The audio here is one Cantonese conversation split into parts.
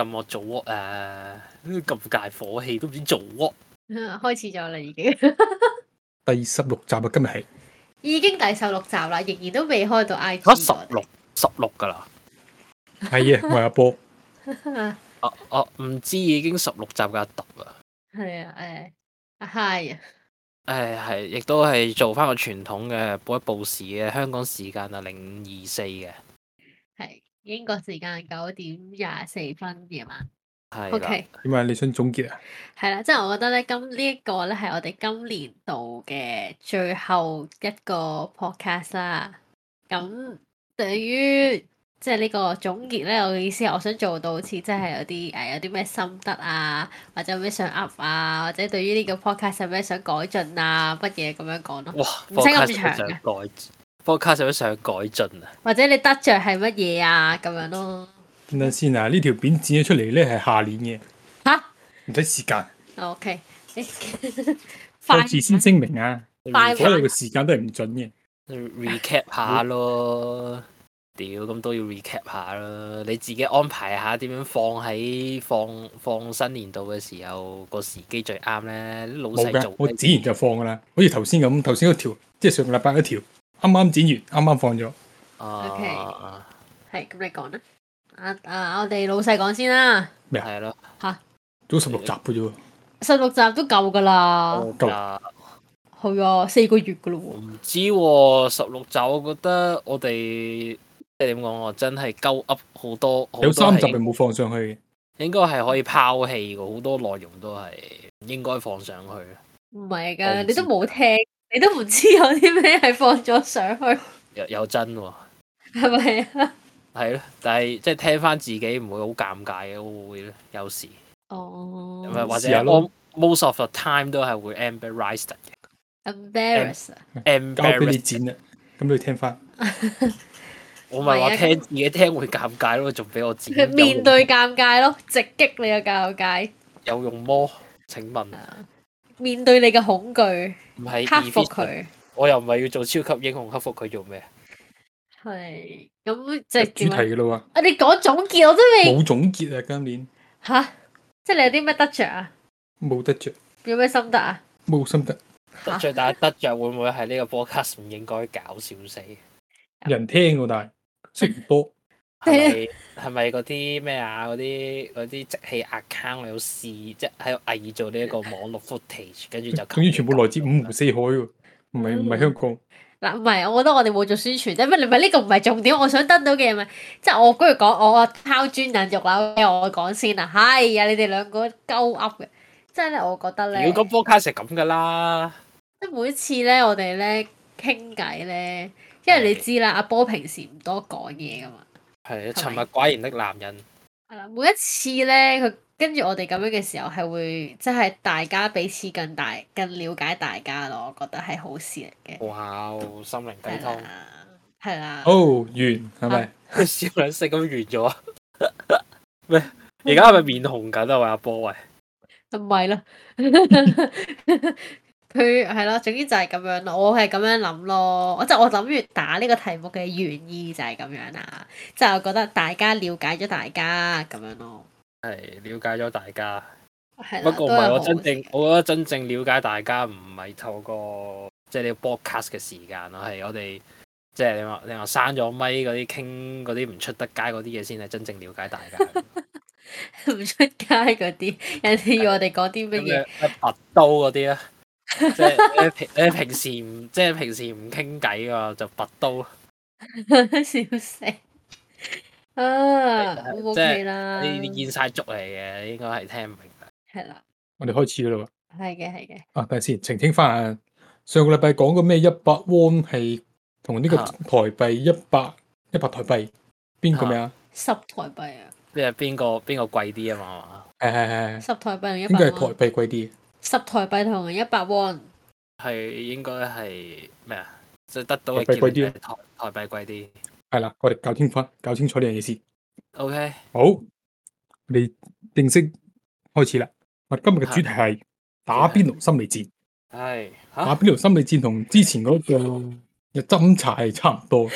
咁我做呢誒，咁大火氣都唔知做喎，開始咗啦已經。 第十六集啊，今日係已經第十六集啦，仍然都未開到 I G 啊，十六十六噶啦，係啊，我阿波我唔知已經十六集噶阿揼啦，係 啊，誒，Hi，誒係，亦都係做翻個傳統嘅報一報時嘅香港時間啊，零五二四嘅，係。 英國時間九點廿四分夜晚，係，O K，點啊？你想總結啊？係啦，即 係、就是、我覺得咧，今呢一、這個咧係我哋今年度嘅最後一個 podcast 啦。咁對於即係呢個總結咧，我嘅意思我想做到好似即係有啲誒，有啲咩心得啊，或者有咩想 up 啊，或者對於呢個 podcast 有咩想改進啊，乜嘢咁樣講咯？哇唔使咁長 波卡有乜想改進啊？或者你得着係乜嘢啊？咁樣咯。等等先啊！呢條片剪咗出嚟咧，係下年嘅。吓哈？唔使時間。O K，我自先聲明啊，所有嘅時間都係唔準嘅。recap 下咯，屌， 咁都要 recap 下啦。你自己安排下點樣放喺放放新年度嘅時候個時機最啱咧。老細做。冇嘅，我自然就放噶啦。好似頭先咁，頭先一條，即係上個禮拜一條。啱啱剪完，啱啱放咗。OK，係咁你講啦。啊啊，我哋老細講先啦。咪係咯。吓、啊，早十六集嘅啫。十六集都夠噶啦。夠啦集。係 啊，四個月噶咯喎。唔知喎、啊，十六集我覺得我哋即係點講我真係鳩 up 好多。有三集係冇放上去。應該係可以拋棄嘅，好多內容都係應該放上去。唔係噶，你都冇聽。你都唔知有啲咩係放咗上去，有又真喎，係咪啊？係咯，但係即係聽翻自己唔會好尷尬嘅，我會有時哦，咁咪或者我 most of the time 都係會 embarrass 嘅，embarrass，embarrass，交俾你剪啦，咁你聽翻，我唔係話聽自己聽會尷尬咯，仲俾我剪，面對尷尬咯，直擊你嘅尷尬，有用麼？請問。面對你嘅恐懼，唔係克服佢。我又唔係要做超級英雄，克服佢做咩？係咁即係主題嘅啦喎。我哋講總結我都未冇總結啊！今年吓，即係你有啲咩得着啊？冇得着。有咩心得啊？冇心得。得着，但係得着會唔會係呢個 podcast 唔應該搞笑死，人聽喎，但係識唔多。係咪嗰啲咩啊？嗰啲嗰啲即棄 account 喺度試，即係喺度偽造呢一個網絡 footage，跟住就。總之全部來自五湖四海噶，唔係唔係香港。嗱唔係，我覺得我哋冇做宣傳啫。唔，你唔係呢個唔係重點我我。我想得到嘅咪即係我今日講我拋磚引玉啦，我講先啦。係、哎、啊，你哋兩個鳩噏嘅，即係咧，我覺得咧。妖，咁波卡成咁噶啦。即係每次咧，我哋咧傾偈咧，因為你知啦， 阿波平時唔多講嘢噶嘛。係沉默寡言的男人。係啦，每一次咧，佢跟住我哋咁樣嘅時候，係會即係大家彼此更大、更了解大家咯。我覺得係好事嚟嘅。哇、哦！心靈溝通係啦。哦、oh, 完係咪、啊、笑兩聲咁完咗？咩？而家係咪面紅緊啊？喂、啊、阿波喂，唔係啦。佢係咯，總之就係咁樣咯。我係咁樣諗咯，即係我諗住打呢個題目嘅原意就係咁樣啦。即係我覺得大家了解咗大家咁樣咯。係了解咗大家，的不過唔係我真正，我覺得真正了解大家唔係透過即係你 broadcast 嘅時間咯，係我哋即係你話你話刪咗咪嗰啲傾嗰啲唔出得街嗰啲嘢先係真正了解大家。唔 出街嗰啲，人哋要我哋講啲乜嘢？拔刀嗰啲啊！即係你平你平時唔即係平時唔傾偈噶就拔刀，笑死啊！即係你你見晒俗嚟嘅，應該係聽唔明嘅。係啦，我哋開始啦喎。係嘅，係嘅。啊，等下先，澄清翻啊。上個禮拜講個咩一百汪 n 係同呢個台幣一百一百台幣邊個咩啊？十台幣啊？你係邊個邊個貴啲啊嘛？係係係。十台幣同一百應該係台幣貴啲。十台幣同一百 one 係應該係咩啊？即係得到台幣貴啲，台幣貴啲係啦。我哋搞清楚，搞清楚呢樣嘢先。OK，好，你正式開始啦。我今日嘅主題係打邊爐心理戰。係吓，打邊爐心理戰同之前嗰個斟茶係差唔多，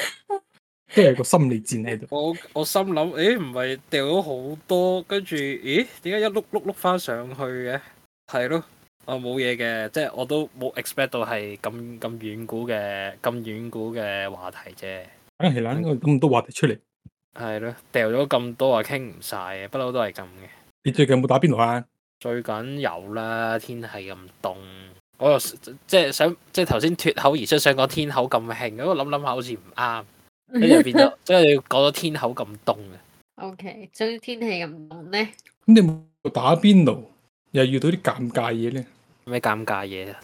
即係個心理戰喺度。我我心諗，誒，唔係掉咗好多，跟住，誒，點解一碌碌碌翻上去嘅？係咯。我冇嘢嘅，即係我都冇 expect 到係咁咁遠古嘅咁遠古嘅話題啫。梗係啦，應該咁多話題出嚟。係咯，掉咗咁多啊，傾唔晒嘅。不嬲都係咁嘅。你最近有冇打邊爐啊？最近有啦，天氣咁凍，我又即係想即係頭先脫口而出想講天口咁興，咁我諗諗下好似唔啱，跟住 變咗即係你講咗天口咁凍啊。Okay，所以天氣咁凍咧。咁你冇打邊爐，又遇到啲尷尬嘢咧？咩尷尬嘢啊？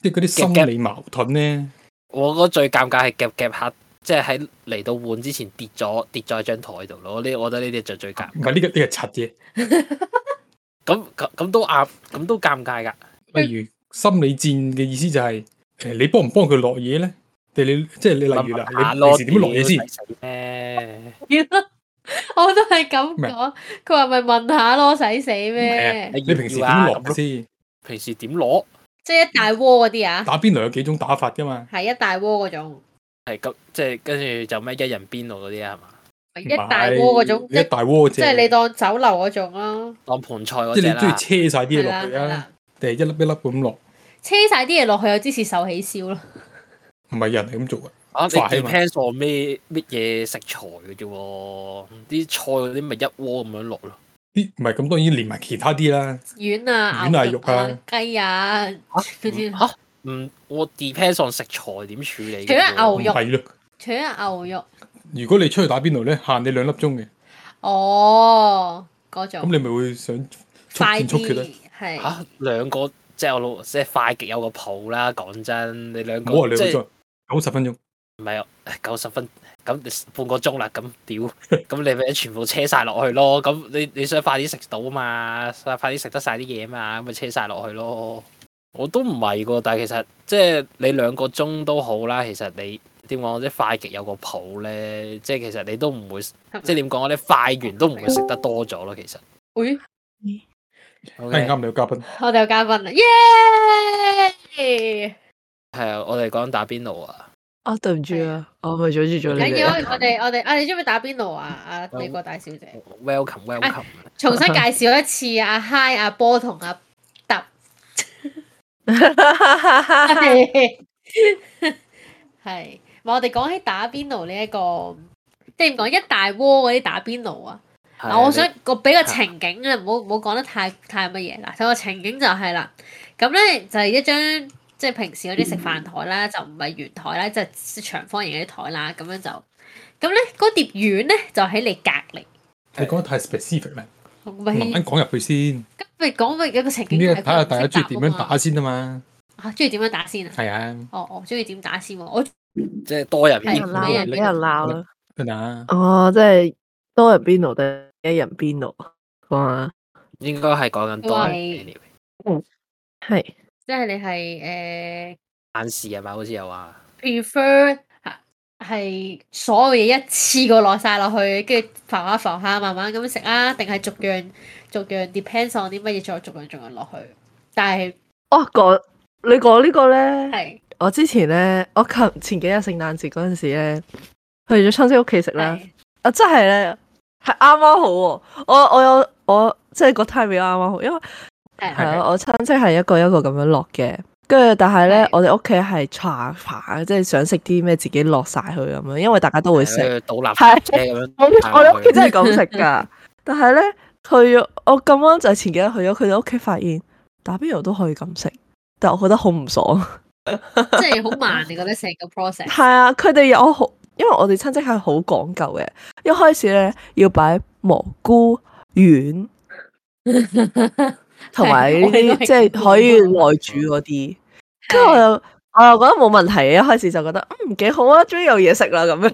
即係嗰啲心理矛盾咧。我覺得最尷尬係夾夾下，即係喺嚟到碗之前跌咗跌咗喺張台度咯。呢，我覺得呢啲就最尷尬。唔係呢個呢個柒嘅。咁咁 都啱，咁都尷尬噶。例如心理戰嘅意思就係，誒，你幫唔幫佢落嘢咧？即係你即係你例如啦，你平時點落嘢先？誒，我都係咁講。佢話咪問下咯，使死咩？你你平時點落先？平時點攞？即係一大窩嗰啲啊！打邊爐有幾種打法噶嘛？係一大窩嗰種。係咁，即係跟住就咩一人邊爐嗰啲啊？係嘛？一大窩嗰種，一大窩即係你當酒樓嗰種咯，當盤菜嗰即係你中意車晒啲嘢落去啊？定係一粒一粒咁落？車晒啲嘢落去有芝士壽喜燒咯。唔係人係咁做嘅，你 depends on 咩乜嘢食材嘅啫。啲菜嗰啲咪一窩咁樣落咯。啲唔係咁，當然連埋其他啲啦，丸啊，丸啊，肉啊，雞啊，吓，唔，我 depends on 食材點處理，除咗牛肉，係咯，除咗牛肉。如果你出去打邊爐咧，限你兩粒鐘嘅。哦，嗰種。咁你咪會想速戰速決咧？吓，兩個即係我老即係快極有個譜啦，講真，你兩個即係九十分鐘。唔係啊，九十分咁半個鐘啦，咁屌，咁你咪全部車晒落去咯。咁你你想快啲食到啊嘛，快啲食得晒啲嘢啊嘛，咁咪車晒落去咯。我都唔係噶，但係其實即係你兩個鐘都好啦。其實你點講咧？即快極有個譜咧，即係其實你都唔會，即係點講咧？你快完都唔會食得多咗咯。其實，誒、okay。嗯，啱唔啱？我哋有嘉賓，我哋有嘉賓啊！耶，係啊，我哋講緊打邊爐啊！啊，對唔住啊，啊，啊，我咪阻住咗你。唔緊要，我哋我哋啊，你中唔中意打邊爐啊？啊，美國大小姐。Welcome，Welcome welcome, welcome、哎。重新介紹一次啊 ，Hi，阿、啊、波同阿揼。係，話我哋講起打邊爐呢一個，唔講？一大窩嗰啲打邊爐啊。嗱、啊，我想個俾個情景啊，唔好唔好講得太太乜嘢。嗱，有個情景就係、是、啦，咁咧就係、是、一張。即係平時嗰啲食飯台啦，就唔係圓台啦，即係長方形嗰啲台啦，咁樣就咁咧，嗰碟丸咧就喺你隔離。你講得太 specific 啦，慢慢講入去先。咁咪講乜嘢個情景？呢個睇下大家中意點樣打先啊嘛。嚇，中意點樣打先啊？係啊。哦哦，中意點打先，我即係多人邊度？俾人鬧，人俾人鬧啦。哦，即係多人邊度定一人邊度？講下？應該係講緊多人。嗯，係。即係你係誒，限時係咪？好似有話 prefer 係所有嘢一次過落晒落去，跟住防下防下，慢慢咁食啊？定係逐樣逐樣 depends on 啲乜嘢再逐樣逐樣落去？但係，哦，講你講呢個咧，係我之前咧，我前前幾日聖誕節嗰陣時咧，去咗親戚屋企食啦。啊，真係咧，係啱啱好。我我有我即係個 timing 啱啱好，因為。係啊，我親戚係一個一個咁樣落嘅，跟住但係咧，我哋屋企係茶飯，即係想食啲咩自己落晒去咁樣，因為大家都會食倒立我哋屋企真係咁食噶，但係咧去我咁啱就係前幾日去咗佢哋屋企，發現打邊爐都可以咁食，但我覺得好唔爽，即係好慢。你覺得成個 process 係啊？佢哋有好，因為我哋親戚係好講究嘅，一開始咧要擺蘑菇丸。同埋即係可以耐煮嗰啲，跟住我又我又覺得冇問題，一開始就覺得嗯幾好啊，終於有嘢食啦咁樣。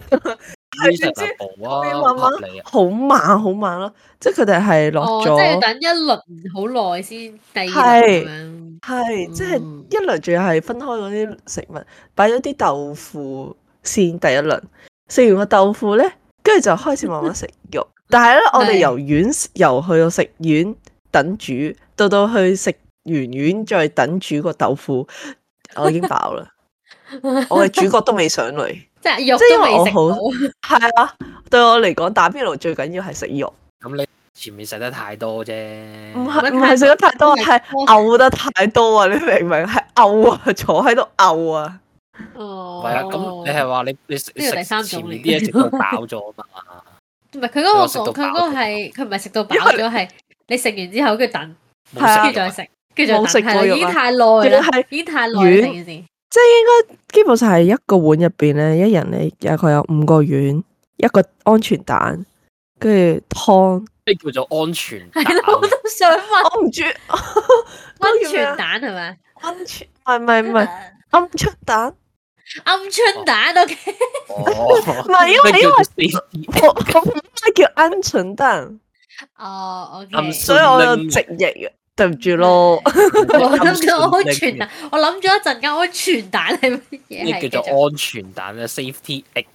係唔知好慢好慢咯，即係佢哋係落咗，即係等一輪好耐先第二輪。係即係一輪仲要係分開嗰啲食物，擺咗啲豆腐先第一輪，食完個豆腐咧，跟住就開始慢慢食肉。但係咧，我哋由丸由去到食丸。等煮到到去食圓圓，再等煮個豆腐，我已經飽啦。我嘅主角都未上嚟， 即係肉，即係因為我好係啊。對我嚟講，打邊爐最緊要係食肉。咁你前面食得太多啫，唔係唔係食得太多，係嘔多得太多啊！你明明係嘔啊，坐喺度嘔啊。哦，係 啊，咁你係話你你食食前面啲嘢直頭飽咗嘛？唔係佢嗰個，佢嗰、嗰個係佢唔係食到飽咗係。 你食完之後，跟住等，跟住再食，跟住再等。冇食過肉啦。已經太耐啦，已經太耐件事。即係應該基本上係一個碗入邊咧，一人咧大概有五個丸，一個安全蛋，跟住湯。咩叫做安全蛋？係咯，我都想問。我唔知安全蛋係咪？安全？唔係唔係唔係鵪鶉蛋？鵪鶉蛋都幾？唔係，唔係，唔係。我我唔係叫鵪鶉蛋。哦，O K，所以我有直譯嘅，對唔住咯。我諗住安全蛋，我諗咗一陣間，安全蛋係乜嘢？呢叫做安全蛋啦，Safety Egg，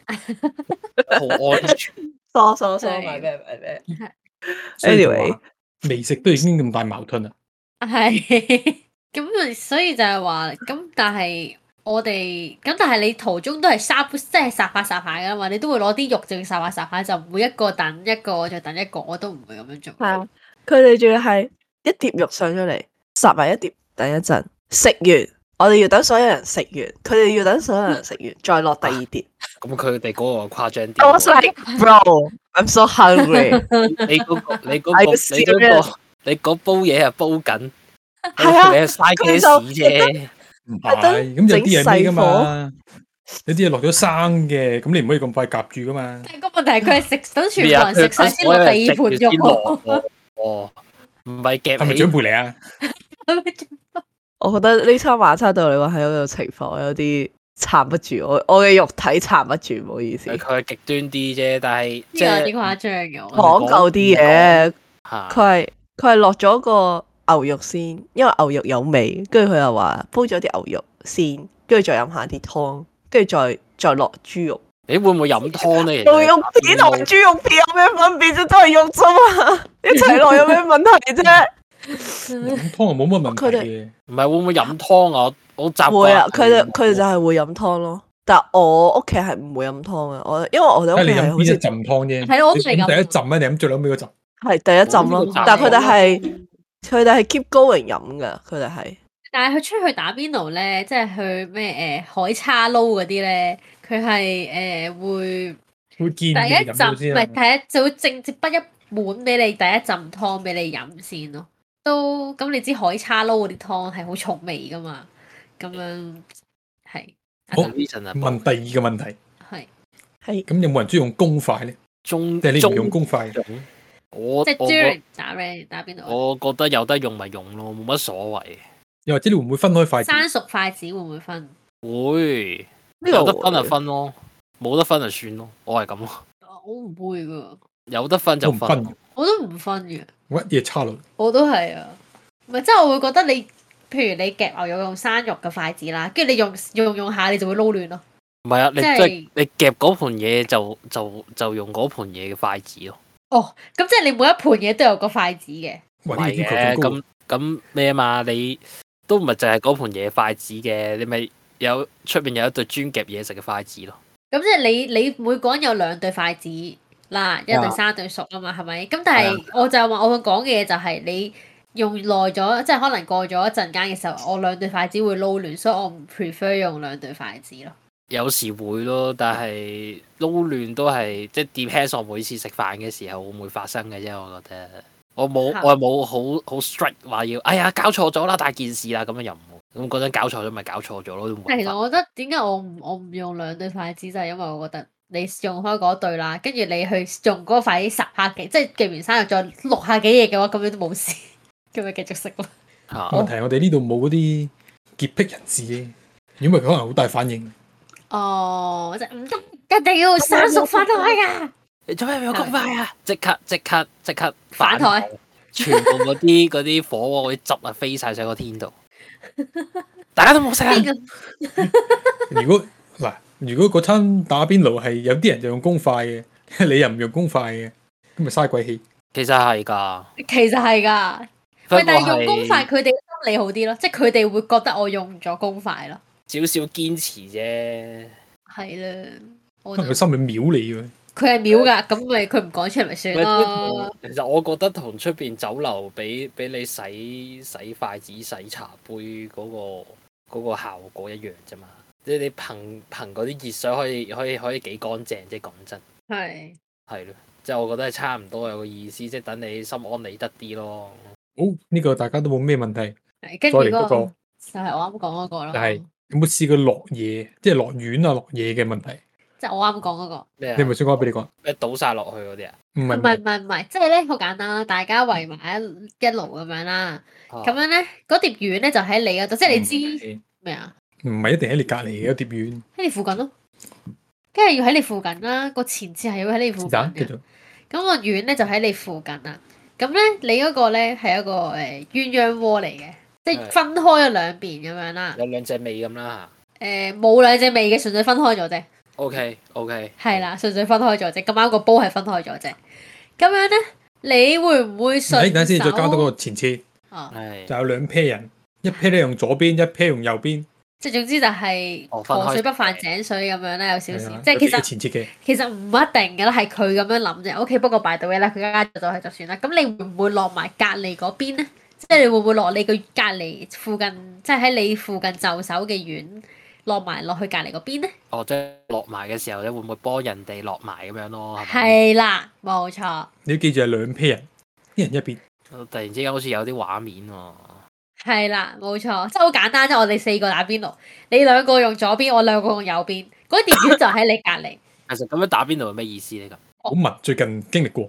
好安全。梳梳梳，唔係咩唔係咩？Anyway，美食都已經咁大矛盾啦。係，咁啊，所以就係話咁，但係。我哋咁，但係你途中都係殺，即係殺下殺下噶嘛？你都會攞啲肉，就殺下殺下，就每一個等一個，就等一個，我都唔會咁樣做。係啊，佢哋仲要係一碟肉上咗嚟，殺埋一碟，等一陣食完，我哋要等所有人食完，佢哋要等所有人食完，uh huh. 再落第二碟。咁佢哋嗰個誇張啲。 Boy, I was like, bro, I'm so hungry 你嗰個，你嗰個，你嗰個，你嗰煲嘢啊煲緊 void Frost Yeah.，你係嘥 gas 啫。唔係，咁有啲嘢，咩噶嘛？有啲嘢落咗生嘅，咁你唔可以咁快夾住噶嘛？個問題係佢係食到全部人食晒先落第二盤肉。哦，唔係夾，係咪準備嚟啊？係咪？我覺得呢餐晚餐對我嚟講係有情況，有啲撐不住，我我嘅肉體撐不住，唔好意思。佢係極端啲啫，但係即係有啲誇張嘅，講究啲嘢。佢係佢係落咗個。牛肉先，因為牛肉有味，跟住佢又話煲咗啲牛肉先，跟住再飲下啲湯，跟住再再落豬肉。你會唔會飲湯咧？牛肉片同豬肉片有咩分別啫？都係肉汁嘛， 一齊落有咩問題啫？ 湯又冇乜問題。佢哋唔係會唔會飲湯啊？我習慣。會啊，佢哋佢哋就係會飲湯咯。但我屋企係唔會飲湯嘅，我因為我哋屋企係好少浸湯啫。係我淨第一浸啊，你係最屘嗰浸？係第一浸咯，但係佢哋係。佢哋係 keep going 飲噶，佢哋係。但係佢出去打邊爐咧，即、就、係、是、去咩誒、呃、海叉撈嗰啲咧，佢係誒會會見第一浸，唔係第一就會直接畢一碗俾你，第一浸湯俾你飲先咯、嗯。都咁你知海叉撈嗰啲湯係好重味噶嘛？咁樣係。好、哦。問第二個問題。係係、嗯。咁是有冇人鍾意用公筷咧？即係你仲用公筷。我即係打打邊度？我覺得有得用咪用咯，冇乜所謂。又或者你會唔會分開筷子？生熟筷子會唔會分？會。有得分就分咯，冇得分就算咯，我係咁咯。我唔會噶。有得分就分。我都唔分嘅。乜嘢差佬？我都係啊，唔係即係我會覺得你，譬如你夾牛肉用生肉嘅筷子啦，跟住你用用用下你就會撈亂咯。唔係啊，你即係你夾嗰盤嘢就就就用嗰盤嘢嘅筷子咯。哦，咁即係你每一盤嘢都有個筷子嘅，唔咁咁咩嘛？你都唔係淨係嗰盤嘢筷子嘅，你咪有出邊有一對專夾嘢食嘅筷子咯。咁即係你你每個人有兩對筷子嗱，一對三對熟啊嘛，係咪？咁但係我就話我講嘅嘢就係你用耐咗，即係可能過咗一陣間嘅時候，我兩對筷子會撈亂，所以我唔 prefer 用兩對筷子咯。有時會咯，但係撈亂都係即係 depends。我每次食飯嘅時候會唔會發生嘅啫。我覺得我冇、嗯、我冇好好 strict 話要哎呀搞錯咗啦，大件事啦咁又唔好咁嗰陣搞錯咗咪搞錯咗咯。但係其實我覺得點解我唔我唔用兩對筷子就係因為我覺得你用開嗰對啦，跟住你去用嗰個筷子十下幾，即係記得完三日再六下幾嘢嘅話，咁你都冇事，咁咪繼續食咯。嗯、問題我哋呢度冇嗰啲潔癖人士嘅，如果唔係可能好大反應。哦，即係唔得，一定要散熟翻台噶。你做咩用公筷啊？即刻即刻即刻反台，全部嗰啲嗰啲火鍋嗰啲汁啊，飛晒上個天度，大家都冇食啊！如果嗱，如果嗰餐打邊爐係有啲人就用公筷嘅，你又唔用公筷嘅，咁咪嘥鬼氣。其實係噶，其實係噶，喂，但係用公筷佢哋心理好啲咯，即係佢哋會覺得我用咗公筷咯。少少堅持啫，係啦。因為佢心裏秒你嘅，佢係秒噶，咁咪佢唔講出嚟咪算啦。其實我覺得同出邊酒樓俾俾你洗洗筷子、洗茶杯嗰個嗰個效果一樣啫嘛。即係你你憑憑嗰啲熱水可以可以可以,可以幾乾淨啫？講真，係係咯，即係我覺得係差唔多有個意思，即係等你心安理得啲咯。好、哦，呢個大家都冇咩問題。跟住嗰個就係我啱講嗰個咯，係。就係有冇試過落嘢，即係落丸啊，落嘢嘅問題。即係我啱講嗰個咩啊？你咪係先講俾你講，誒，倒晒落去嗰啲啊？唔係唔係唔係，即係咧好簡單啦，大家圍埋一一路咁樣啦，咁樣咧嗰碟丸咧就喺你嗰度，即係你知咩啊？唔係一定喺你隔籬嗰碟丸，喺你附近咯，跟住要喺你附近啦，個前設係要喺你附近。繼續。咁個丸咧就喺你附近啦，咁咧你嗰個咧係一個誒鴛鴦鍋嚟嘅。即係分開咗兩邊咁樣啦，有兩隻尾咁啦吓。誒，冇兩隻尾嘅，純粹分開咗啫。O K，O K，係啦，純粹分開咗啫。咁啱個煲係分開咗啫。咁樣咧，你會唔會順？誒，等先，再加多個前設。哦，係。就有兩 pair 人，一 pair 咧用左邊，一 pair 用右邊。即係總之就係河水不犯井水咁樣咧，有少少。即係其實前設嘅。其實唔一定嘅啦，係佢咁樣諗啫。O K，不過 by the way 啦，佢加咗佢就算啦。咁你會唔會落埋隔離嗰邊咧？即係你會唔會落你個隔籬附近，即係喺你附近就手嘅院落埋落去隔籬嗰邊咧？哦，即係落埋嘅時候咧，會唔會幫人哋落埋咁樣咯？係啦，冇錯。你要記住係兩批人，一人一邊。突然之間好似有啲畫面喎、啊。係啦，冇錯，即係好簡單啫。即係我哋四個打邊爐，你兩個用左邊，我兩個用右邊。嗰碟魚就喺你隔籬。 其實咁樣打邊爐有咩意思咧？咁好密，最近經歷過。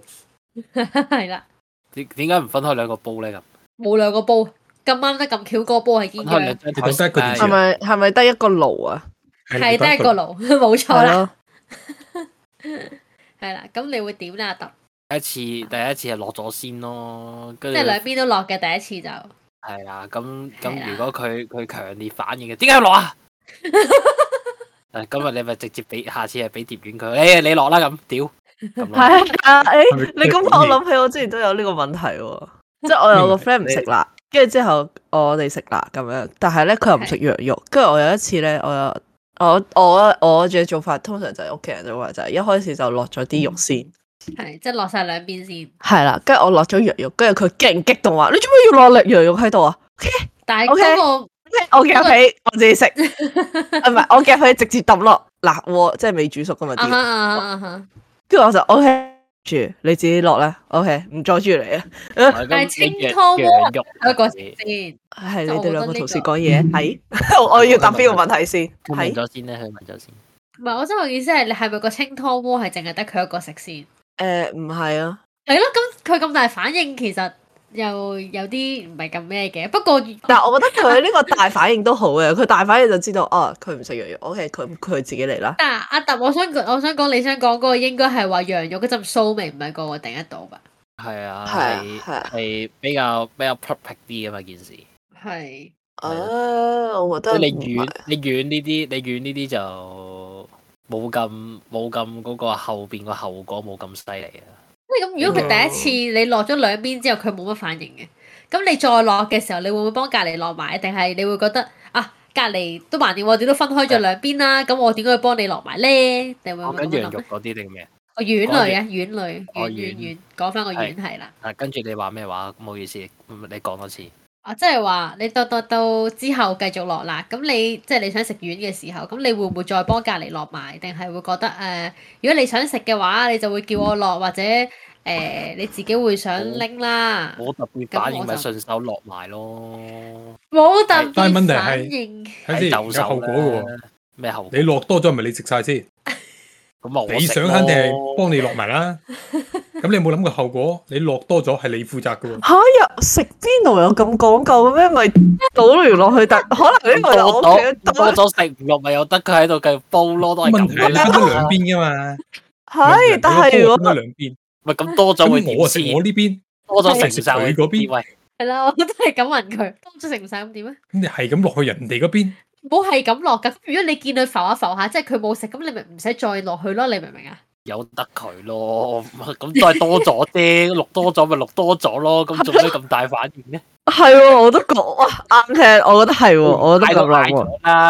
係 啦。點點解唔分開兩個煲咧？咁？冇兩個煲，咁啱得咁巧，嗰個煲係堅嘅，係咪係咪得一個爐啊？係得一個爐，冇錯啦。係啦，咁你會點咧，阿，第一次，第一次係落咗先咯，即係兩邊都落嘅第一次就係啊。咁，咁，如果佢佢強烈反應嘅，點解要落啊？誒，今日你咪直接俾下次係俾碟丸佢，誒，你落啦。咁，屌，係啊，誒，你咁我諗起，我之前都有呢個問題喎。即係我有個 friend 唔食辣，跟住之後我哋食辣咁樣，但係咧佢又唔食羊肉，跟住是的 我有一次咧，我我我我嘅做法，通常就係屋企人就話就係一開始就落咗啲肉、嗯、先，係即係落晒兩邊先，係啦，跟住我落咗羊肉，跟住佢勁激動話你做咩要落羊肉喺度啊？Okay, okay, 但係嗰、那個我夾起、那個、我自己食，唔係 我夾起直接抌落辣鍋，即係未煮熟嘅物質，跟住、uh huh, uh huh. 我就 O K。Okay 住你自己落啦，OK，唔阻住你 啊。但係清湯鍋，一個是我講先，係你哋兩個同時講嘢，係是 我要答邊個問題先問？唔阻是先咧，佢問就先。唔係我真係意思係，你係咪個清湯鍋係淨係得佢一個食先？誒，唔係啊，係咯、啊，咁佢咁大反應，其實。又有啲唔係咁咩嘅，不過但係我覺得佢呢個大反應都好嘅，佢 大反應就知道哦，佢唔食羊肉，OK，佢佢自己嚟啦。但阿達，我想我想講，你想講嗰個應該係話羊肉嗰陣臊味唔係個個頂得到嘛？係啊，係啊，係比較比較 perfect 啲啊嘛，件事係啊，我覺得你遠你遠呢啲你遠呢啲就冇咁冇咁嗰個後邊個後果冇咁犀利啊！咁如果佢第一次你落咗兩邊之後佢冇乜反應嘅，咁你再落嘅時候你會唔會幫隔籬落埋？定係你會覺得啊，隔籬都橫掂，我哋都分開咗兩邊啦，咁的我點解會幫你落埋咧？定會唔會幫佢落？跟住羊肉嗰啲定咩？哦丸類啊，丸類丸丸丸，講翻、哦、個丸係啦。啊的，跟住你話咩話？唔好意思，你講多次。啊，即係話你到到到之後繼續落啦，咁你即係你想食丸嘅時候，咁你會唔會再幫隔籬落埋？定係會覺得誒、呃，如果你想食嘅話，你就會叫我落或者誒、呃、你自己會想拎啦。冇特別反應咪順手落埋咯。冇就特別反應但問題。睇先，有著後果嘅喎。咩後果？你落多咗，咪你食晒先。咁啊， 你想肯定係幫你落埋啦。咁你有冇諗過後果？你落多咗係你負責噶喎。嚇！呀，食邊度有咁講究嘅咩？咪倒落去得，可能呢個我多咗食唔落，咪又得佢喺度繼續煲咯，都係咁樣。咁都兩邊噶嘛？係，但係我咁都兩邊，咪咁多咗會冇啊？我呢邊多咗食唔曬，你嗰邊係啦，我都係咁問佢，多咗食唔曬咁點啊？咁你係咁落去人哋嗰邊？冇係咁落噶，如果你見佢浮下浮下，即係佢冇食，咁你咪唔使再落去咯，你明唔明啊？有得佢咯，咁都係多咗啲錄多咗咪錄多咗咯，咁做咩咁大反應咧？係，我都講啊，啱聽，我覺得係喎，我都咁啦，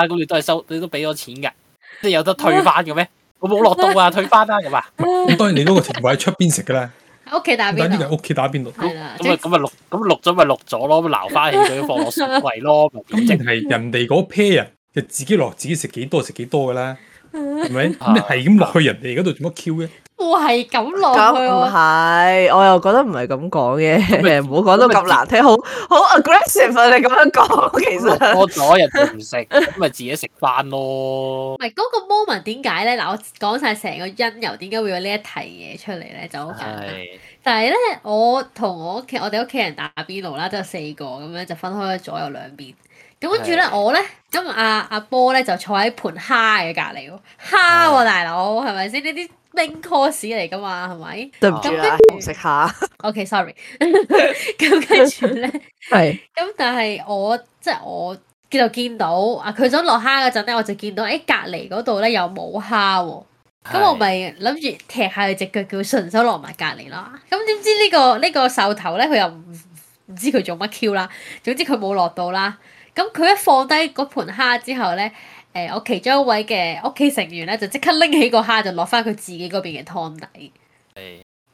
咁你都係收，你都俾咗錢噶，即係有得退翻嘅咩？我冇落到啊，退翻啦，咁啊，咁當然你嗰個全部喺出邊食噶啦，喺屋企打邊。點解屋企打邊爐？咁啊咁啊錄，咁錄咗咪錄咗咯，咁留翻起佢，要放落櫃咯。咁淨係人哋嗰批人，就自己落，自己食幾多食幾多噶啦。唔係咩，係咁落去人哋嗰度做乜 Q 嘅？我係咁落去，啊，我係、啊、我又覺得唔係咁講嘅。唔唔，好講得咁難聽，好好 aggressive 啊！你咁樣講，其實我左日唔食，咁咪 自己食飯咯。係嗰個 moment 點解咧？嗱，我講晒成個因由，點解會有呢一題嘢出嚟咧？就好簡單。是但係咧，我同我屋企我哋屋企人打邊爐啦，都有四個咁樣就分開咗左右兩邊。咁跟住咧，呢的我咧咁阿阿波咧就坐喺盤蝦嘅隔籬喎，蝦喎、啊、的大佬，係咪先呢啲冰 cos 嚟噶嘛，係咪？對唔住啦，唔食蝦。OK，sorry Okay。 , 咁跟住咧，係咁，但、就、係、是、我即係我就見到啊，佢想落蝦嗰陣咧，我就見到喺隔離嗰度咧又冇蝦喎。咁我咪諗住踢下佢隻腳，叫順手落埋隔離啦。咁點知，知、這個這個、呢個呢個獸頭咧，佢又唔唔知佢做乜 Q 啦。總之佢冇落到啦。咁佢一放低嗰盤蝦之後呢，誒、呃、我其中一位嘅屋企成員呢，就即刻拎起個蝦就落翻佢自己嗰邊嘅湯底。哎、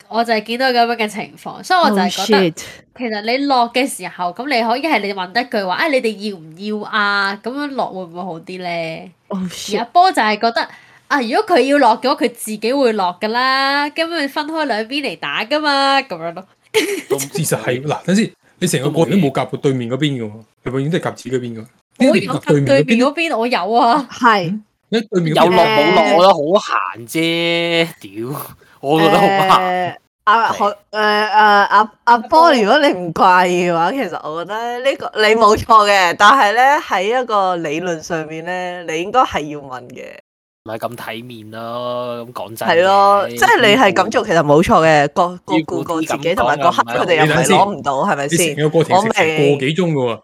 我就係見到咁樣嘅情況，所以我就係覺得、oh, shit. 其實你落嘅時候，咁你可以係你問得句話，啊、哎、你哋要唔要啊？咁樣落會唔會好啲呢？oh, shit. 阿波就係覺得啊，如果佢要落嘅話，佢自己會落噶啦，咁樣分開兩邊嚟打噶嘛，咁樣咯。咁、oh, shit. 其實係嗱，等先。你成個過程都冇夾過對面嗰邊嘅喎，係咪已都係夾住嗰邊嘅？對面嗰邊我有啊，係。你對面有落冇落，我覺得好閒啫。屌、呃，我覺得好閒。阿阿阿阿波，如果你唔怪嘅話，其實我覺得呢、這個你冇錯嘅，但係咧喺一個理論上面咧，你應該係要問嘅。唔係咁體面咯，咁講真係咯，即係你係咁做，其實冇錯嘅。個個顧個自己同埋個客，佢哋又係攞唔到，係咪先？個過程食成個幾鐘噶喎，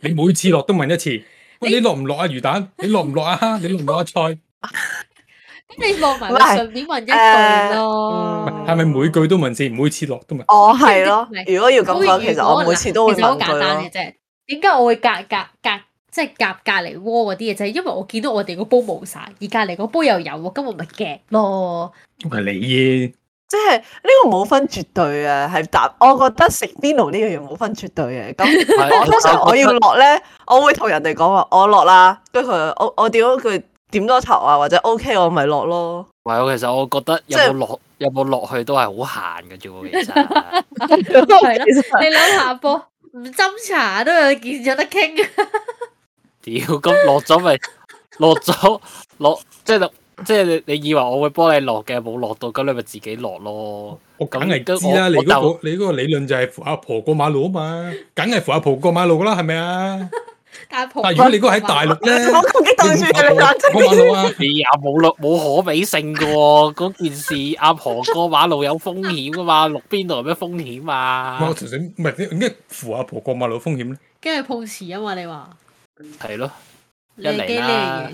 你每次落都問一次。喂，你落唔落啊魚蛋？你落唔落啊？你落唔落啊菜？咁你落埋順便問一句咯，係咪每句都問先？每次落都問。哦，係咯。如果要咁講，其實我每次都會問。其實簡單嘅啫。點解我會隔隔隔？即係夾隔籬窩嗰啲嘢，就係、是、因為我見到我哋個煲冇晒，而隔籬個煲又有，我今日咪夾咯。係你、就是，即係呢個冇分絕對啊，係答，我覺得食邊爐呢樣嘢冇分絕對嘅。咁， 我通常我要落咧，我會同人哋講話我落啦。跟住我我屌佢句點多頭啊，或者 O、OK, K 我咪落咯。唔我 其實我覺得有冇落有冇落去都係好閒嘅啫。其實係咯，你諗下波唔斟茶都有見有得傾。 屌，咁落咗咪落咗落，即係就即係你你以為我會幫你落嘅，冇落到，咁你咪自己落咯。我梗係知啦，你嗰個你嗰個理論就係扶阿婆過馬路啊嘛，梗係扶阿婆過馬路噶啦，係咪啊？但係如果你嗰個喺大陸咧，我驚斷住你啊！你阿婆冇落冇可比性噶喎，嗰件事阿婆過馬路有風險噶嘛，落邊度有咩風險啊？唔係我純粹唔係，點解扶阿婆過馬路有風險咧？驚佢碰瓷啊嘛，你話？係咯，一嚟啦，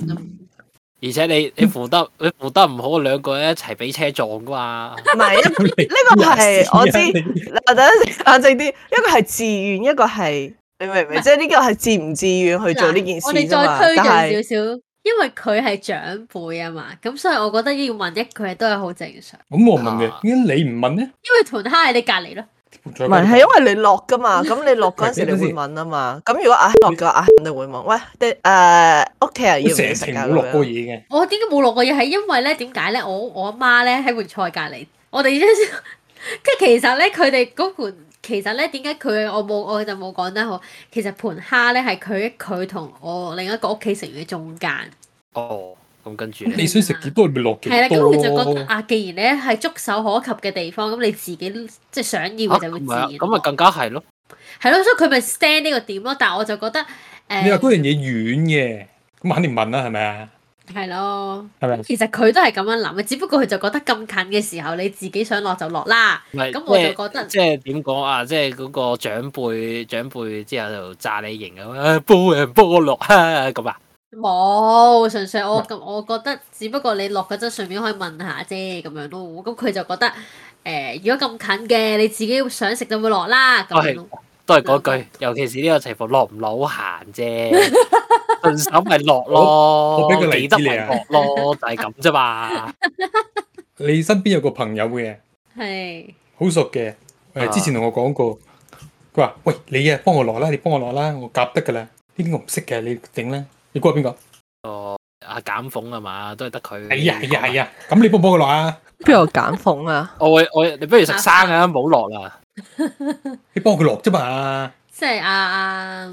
而且你你扶得你扶得唔好，兩個一齊俾車撞噶嘛。唔係， 呢、這個係 我知， 等一靜啲，一個係自願，一個係你明唔明？ 即係呢個係自唔自願去做呢件事啊 我哋再推進少少，是因為佢係長輩啊嘛，咁所以我覺得要問一句都係好正常。咁我問嘅，點解你唔問呢？因為屯蝦喺你隔籬咯。唔係，係因為你落噶嘛，咁你落嗰陣時你會問啊嘛，咁 如果啊落個啊肯定會問，喂誒屋企人要唔要食啊咁樣，哦。我點解冇落過嘢？係因為咧，點解咧？我我阿媽咧喺盤菜隔籬，我哋即係其實咧，佢哋嗰盤其實咧，點解佢我冇，我就冇講得好。其實盤蝦咧係佢佢同我另一個屋企成員嘅中間。哦。咁跟住，你想食幾多咪落幾多。係啦，咁佢就覺得啊，既然咧係觸手可及嘅地方，咁你自己即係想要嘅就會自然。咁咪更加係咯。係咯，所以佢咪 stand 呢個點咯。但係我就覺得誒，你話嗰樣嘢遠嘅，咁肯定問啦，係咪啊？係咯。係咪？其實佢都係咁樣諗嘅，只不過佢就覺得咁近嘅時候，你自己想落就落啦。唔係，咁我就覺得即係點講啊？即係嗰個長輩，長輩之後就炸你型咁啊，波人波我落啊咁啊。冇，純粹我我覺得，只不過你落嗰陣順便可以問下啫，咁樣咯。咁佢就覺得，誒，如果咁近嘅，你自己想食就會落啦。都係都係嗰句，尤其是呢個情況，落唔落老閒啫，順手咪落咯，個理得你啊，咪落咯，就係咁啫嘛。你身邊有個朋友嘅，係，好熟嘅，誒，之前同我講過，佢話，喂，你啊，幫我落啦，你幫我落啦，我夾得噶啦，呢啲我唔識嘅，你整啦。你估係邊個？哦，阿簡鳳係嘛，都係得佢。哎呀，係呀，係呀。咁你幫唔幫佢落啊？邊有簡鳳啊？我我你不如食生啊，冇落啦。你幫佢落啫嘛。即係阿阿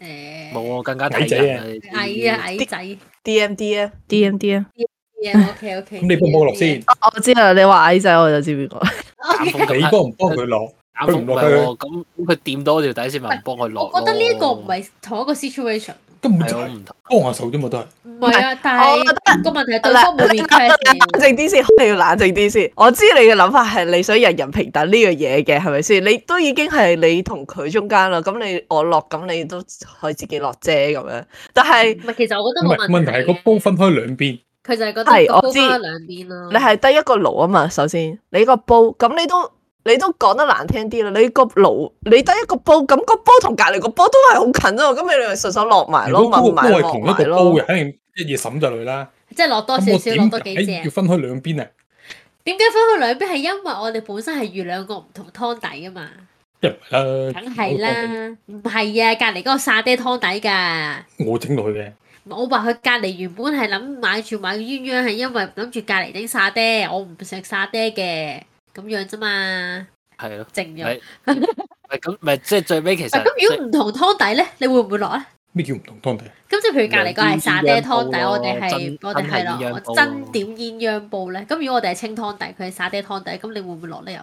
誒，冇啊，更加矮仔啊，矮啊矮仔。D M D M D M D M D M。O K O K。咁你幫唔幫我落先？我知道，你話矮仔我就知邊個。簡鳳，你幫唔幫佢落？簡鳳落唔落？咁咁佢掂到我條底線，咪幫佢落。我覺得呢一個唔係同一個 situation。根本就唔同，幫下手啫嘛，都係。唔係啊，但係，我覺得個問題都係。冷靜啲先，你要冷靜啲先。我知你嘅諗法係你想人人平等呢樣嘢嘅，係咪先？你都已經係你同佢中間啦，咁你我落咁，你都可以自己落啫咁樣。但係，其實我覺得冇問題。唔係問題係個煲分開兩邊。佢就係覺得係我知。兩邊咯。你係得一個爐啊嘛，首先你個煲，咁你都。你都講得難聽啲啦，你個爐，你得一個煲，咁個煲同隔籬個煲都係好近啊，咁你又順手落埋咯，咪唔埋落埋咯。如果煲係同一個煲，會肯定一夜審就來啦。即係落多少少，落多幾隻。要分開兩邊啊？點解分開兩邊？係因為我哋本身係預兩個唔同湯底噶嘛。一唔係啦，梗係啦，唔係啊，隔籬嗰個沙爹湯底噶。我整落去嘅。我話，佢隔籬原本係諗買住買鴛鴦，係因為諗住隔籬整沙爹，我唔食沙爹嘅。咁樣啫嘛，係咯，靜咗。係咁，咪即係最尾其實。咁如果唔同湯底咧，你會唔會落咧？咩叫唔同湯底？咁即係譬如隔離個係沙爹湯底，我哋係我哋係咯，我真點鴛鴦煲咧。咁如果我哋係清湯底，佢係沙爹湯底，咁你會唔會落咧？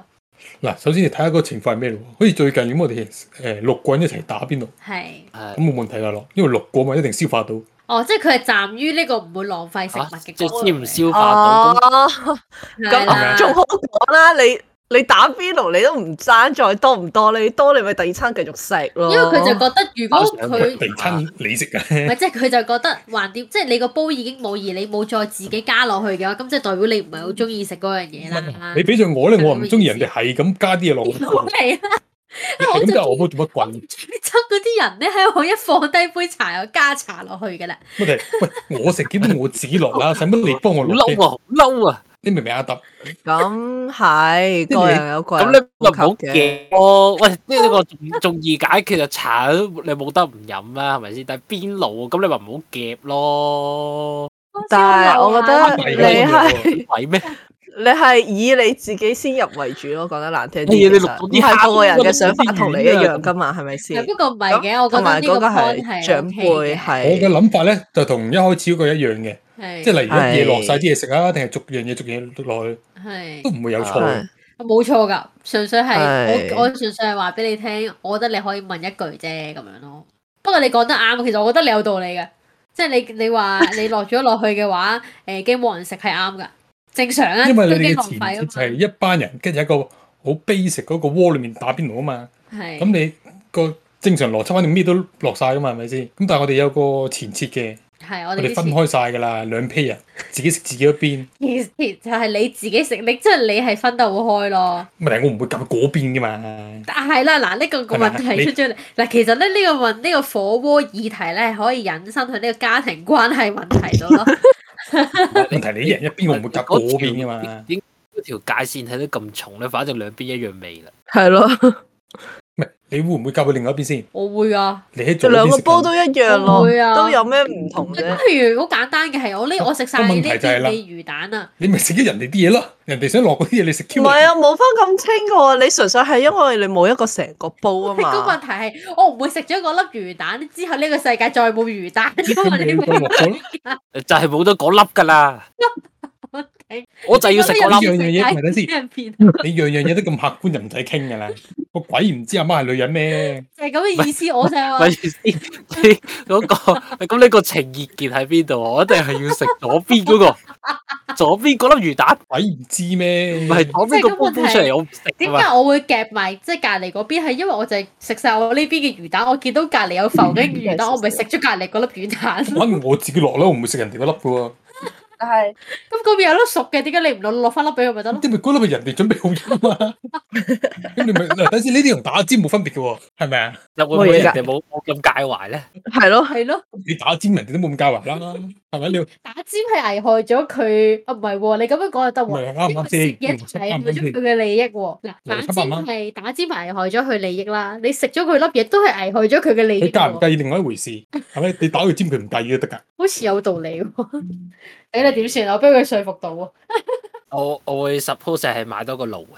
又嗱，首先你睇下個情況係咩咯？好似最近如果我哋誒六個人一齊打邊爐，係，咁冇問題㗎，落，因為六個咪一定消化到。哦，即係佢係站於呢個唔會浪費食物嘅，即係消唔消化到咁仲好講啦、啊。你你打邊爐你都唔爭再多唔多你多你咪第二餐繼續食咯。因為佢就覺得如果佢第二餐你食嘅，唔係即係佢就覺得橫掂，即、就、係、是、你個煲已經冇熱，你冇再自己加落去嘅話，咁即係代表你唔係、嗯、好中意食嗰樣嘢啦。你比上我咧，我唔中意人哋係咁加啲嘢落去。咁又我杯做乜棍，你係嗰啲人咧，喺我一放低杯茶，又加茶落去噶啦。喂，我食兼 我自己落啦，使乜你幫我撈啊？嬲啊！你明唔明啊？特咁係各人有各人咁，你又唔好夾我。喂，呢一個仲仲易解決其實茶，你冇得唔飲啦，係咪先？但係邊爐咁，你話唔好夾咯。但係我覺得你係咩？你係以你自己先入為主咯，講得難聽啲，你係個人嘅想法同你一樣噶嘛，係咪先？是不過唔係嘅，嗯、我覺得呢個係長輩，係我嘅諗法咧，就同一開始嗰個一樣嘅，是即係例如一夜落晒啲嘢食啊，定係逐樣嘢逐樣落去，都唔會有錯。冇、啊、錯噶，純粹係是我我純粹係話俾你聽，我覺得你可以問一句啫咁樣咯。不過你講得啱，其實我覺得你有道理嘅， 即係你你話你落咗落去嘅話，誒驚冇人食係啱噶。正常啊，因為你哋嘅前設係一班人跟住喺個好 basic 嗰個鍋裏面打邊爐啊嘛。係是。咁、嗯、你個正常邏輯肯定咩都落晒噶嘛，係咪先？咁但係我哋有個前設嘅，係我哋分開晒㗎啦，兩批人自己食自己一邊。就係你自己食，你即係、就係、你係分得好開咯。唔係，我唔會夾嗰邊㗎嘛。但係、啊、啦，嗱、這、呢個是是個問題出咗嚟。嗱你，其實咧呢、呢個問呢、呢個火鍋議題咧，可以引申去呢個家庭關係問題度咯。 問題你一人一邊，你會到我唔會夾嗰邊噶嘛。點解 條 界線睇得咁重咧？反正兩邊一樣味啦。係咯。你會唔會夾去另外一邊先？我會啊！兩個煲都一樣咯，都有咩唔同啫？不如好簡單嘅係我呢，我食曬啲人哋魚蛋啊！你咪食咗啲人哋啲嘢咯，人哋想落嗰啲嘢你食。唔係啊，冇翻咁清嘅喎，你純粹係因為你冇一個成個煲啊嘛。個問題係我唔會食咗嗰粒魚蛋之後，呢個世界再冇魚蛋。就係冇咗嗰粒㗎啦。我就要食呢樣嘢，唔使先。你樣樣嘢都咁客觀，就唔使傾噶啦。個鬼唔知阿媽係女人咩？就係咁嘅意思，我就。意思你嗰個咁，你個情意結喺邊度？我一定係要食左邊嗰個，左邊嗰粒魚蛋，鬼唔知咩？唔係左邊個煲出嚟，我唔食。點解我會夾埋？即係隔籬嗰邊，係因為我就食晒我呢邊嘅魚蛋，我見到隔籬有浮嘅魚蛋，我咪食咗隔籬嗰粒魚蛋。反正我自己落啦，我唔會食人哋嗰粒噶。係，咁嗰邊有粒熟嘅，點解你唔攞攞翻粒俾佢咪得咯？啲咪嗰粒咪人哋準備好咗嘛？咁你咪嗱，等先呢啲同打尖冇分別嘅喎，係咪啊？會唔會人哋冇咁介懷咧？係咯係咯，你打尖人哋都冇咁介懷啦，係咪啊？你打尖係危害咗佢，唔係喎，你咁樣講就得喎。啱唔啱先？啱唔啱先？嗱，打尖係打尖，係害咗佢利益啦。你食咗佢粒嘢，都係危害咗佢嘅利益。你介唔介意另外一回事，係咪？你打佢尖，佢唔介意都得噶。好似有道理。哎，你點算？我俾佢說服到啊 ！我我會 suppose 係買多個爐嘅。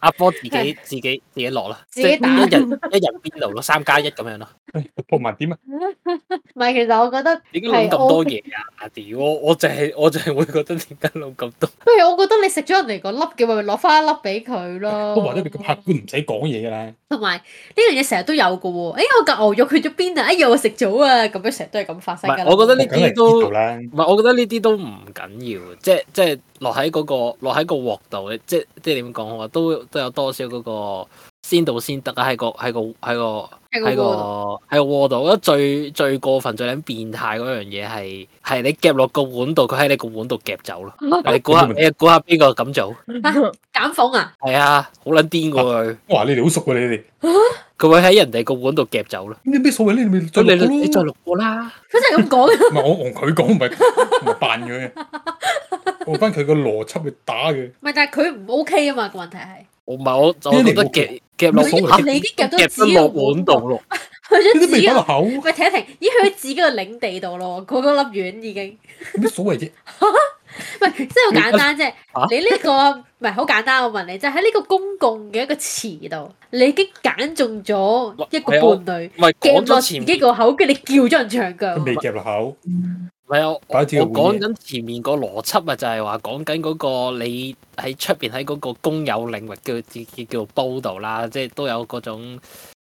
阿波自己自己自己落啦，自己打一日一日邊爐咯，三加一咁樣咯。哎，鋪埋點啊？唔係，其實我覺得已經攞咁多嘢啊，點我我就係我就係會覺得點解攞咁多？不如我覺得你食咗人哋個粒嘅話，咪攞翻一粒俾佢咯。同埋咧，你個客官唔使講嘢嘅咧。同埋呢樣嘢成日都有嘅喎，哎，我個牛肉去咗邊啊？哎呀，我食咗啊！咁樣成日都係咁發生。唔係，我覺得呢啲都唔係，我覺得呢啲都唔緊要，即係即係。落喺嗰、嗰個落喺個鑊度咧，即係即係點講好啊？都都有多少嗰個先到先得啊！喺個喺個喺個喺個喺鑊度，我覺得最最過分最撚變態嗰樣嘢係係你夾落個碗度，佢喺你個碗度夾走咯。你估下你估下邊個咁做啊？房鳳啊？係啊，好撚癲過去。嘩，你哋好熟喎，你哋佢會喺人哋個碗度夾走咯。咁咩所謂，你你再錄過啦。佢真係咁講，唔係我同佢講，唔係扮咗嘅。 按翻佢個邏輯去打佢，唔係，但係佢唔 OK 啊嘛，個問題係，我唔係我，我依家夾到夾到夾到夾到碗度咯，佢都未夾落口，咪停一停，已經喺咗自己嗰個領地度咯，嗰個粒丸已經，有咩所謂啫？唔係，即係好簡單啫，你呢個唔係好簡單，我問你，就喺呢個公共嘅一個池度，你已經揀中咗一個伴侶，夾咗自己個口，跟住你叫咗人長腳，都未夾落口。係啊、嗯，我講緊前面個邏輯啊，就係話講緊嗰個你喺出邊喺嗰個公有領域，叫叫叫叫做煲到啦，即、就、係、是、都有嗰種。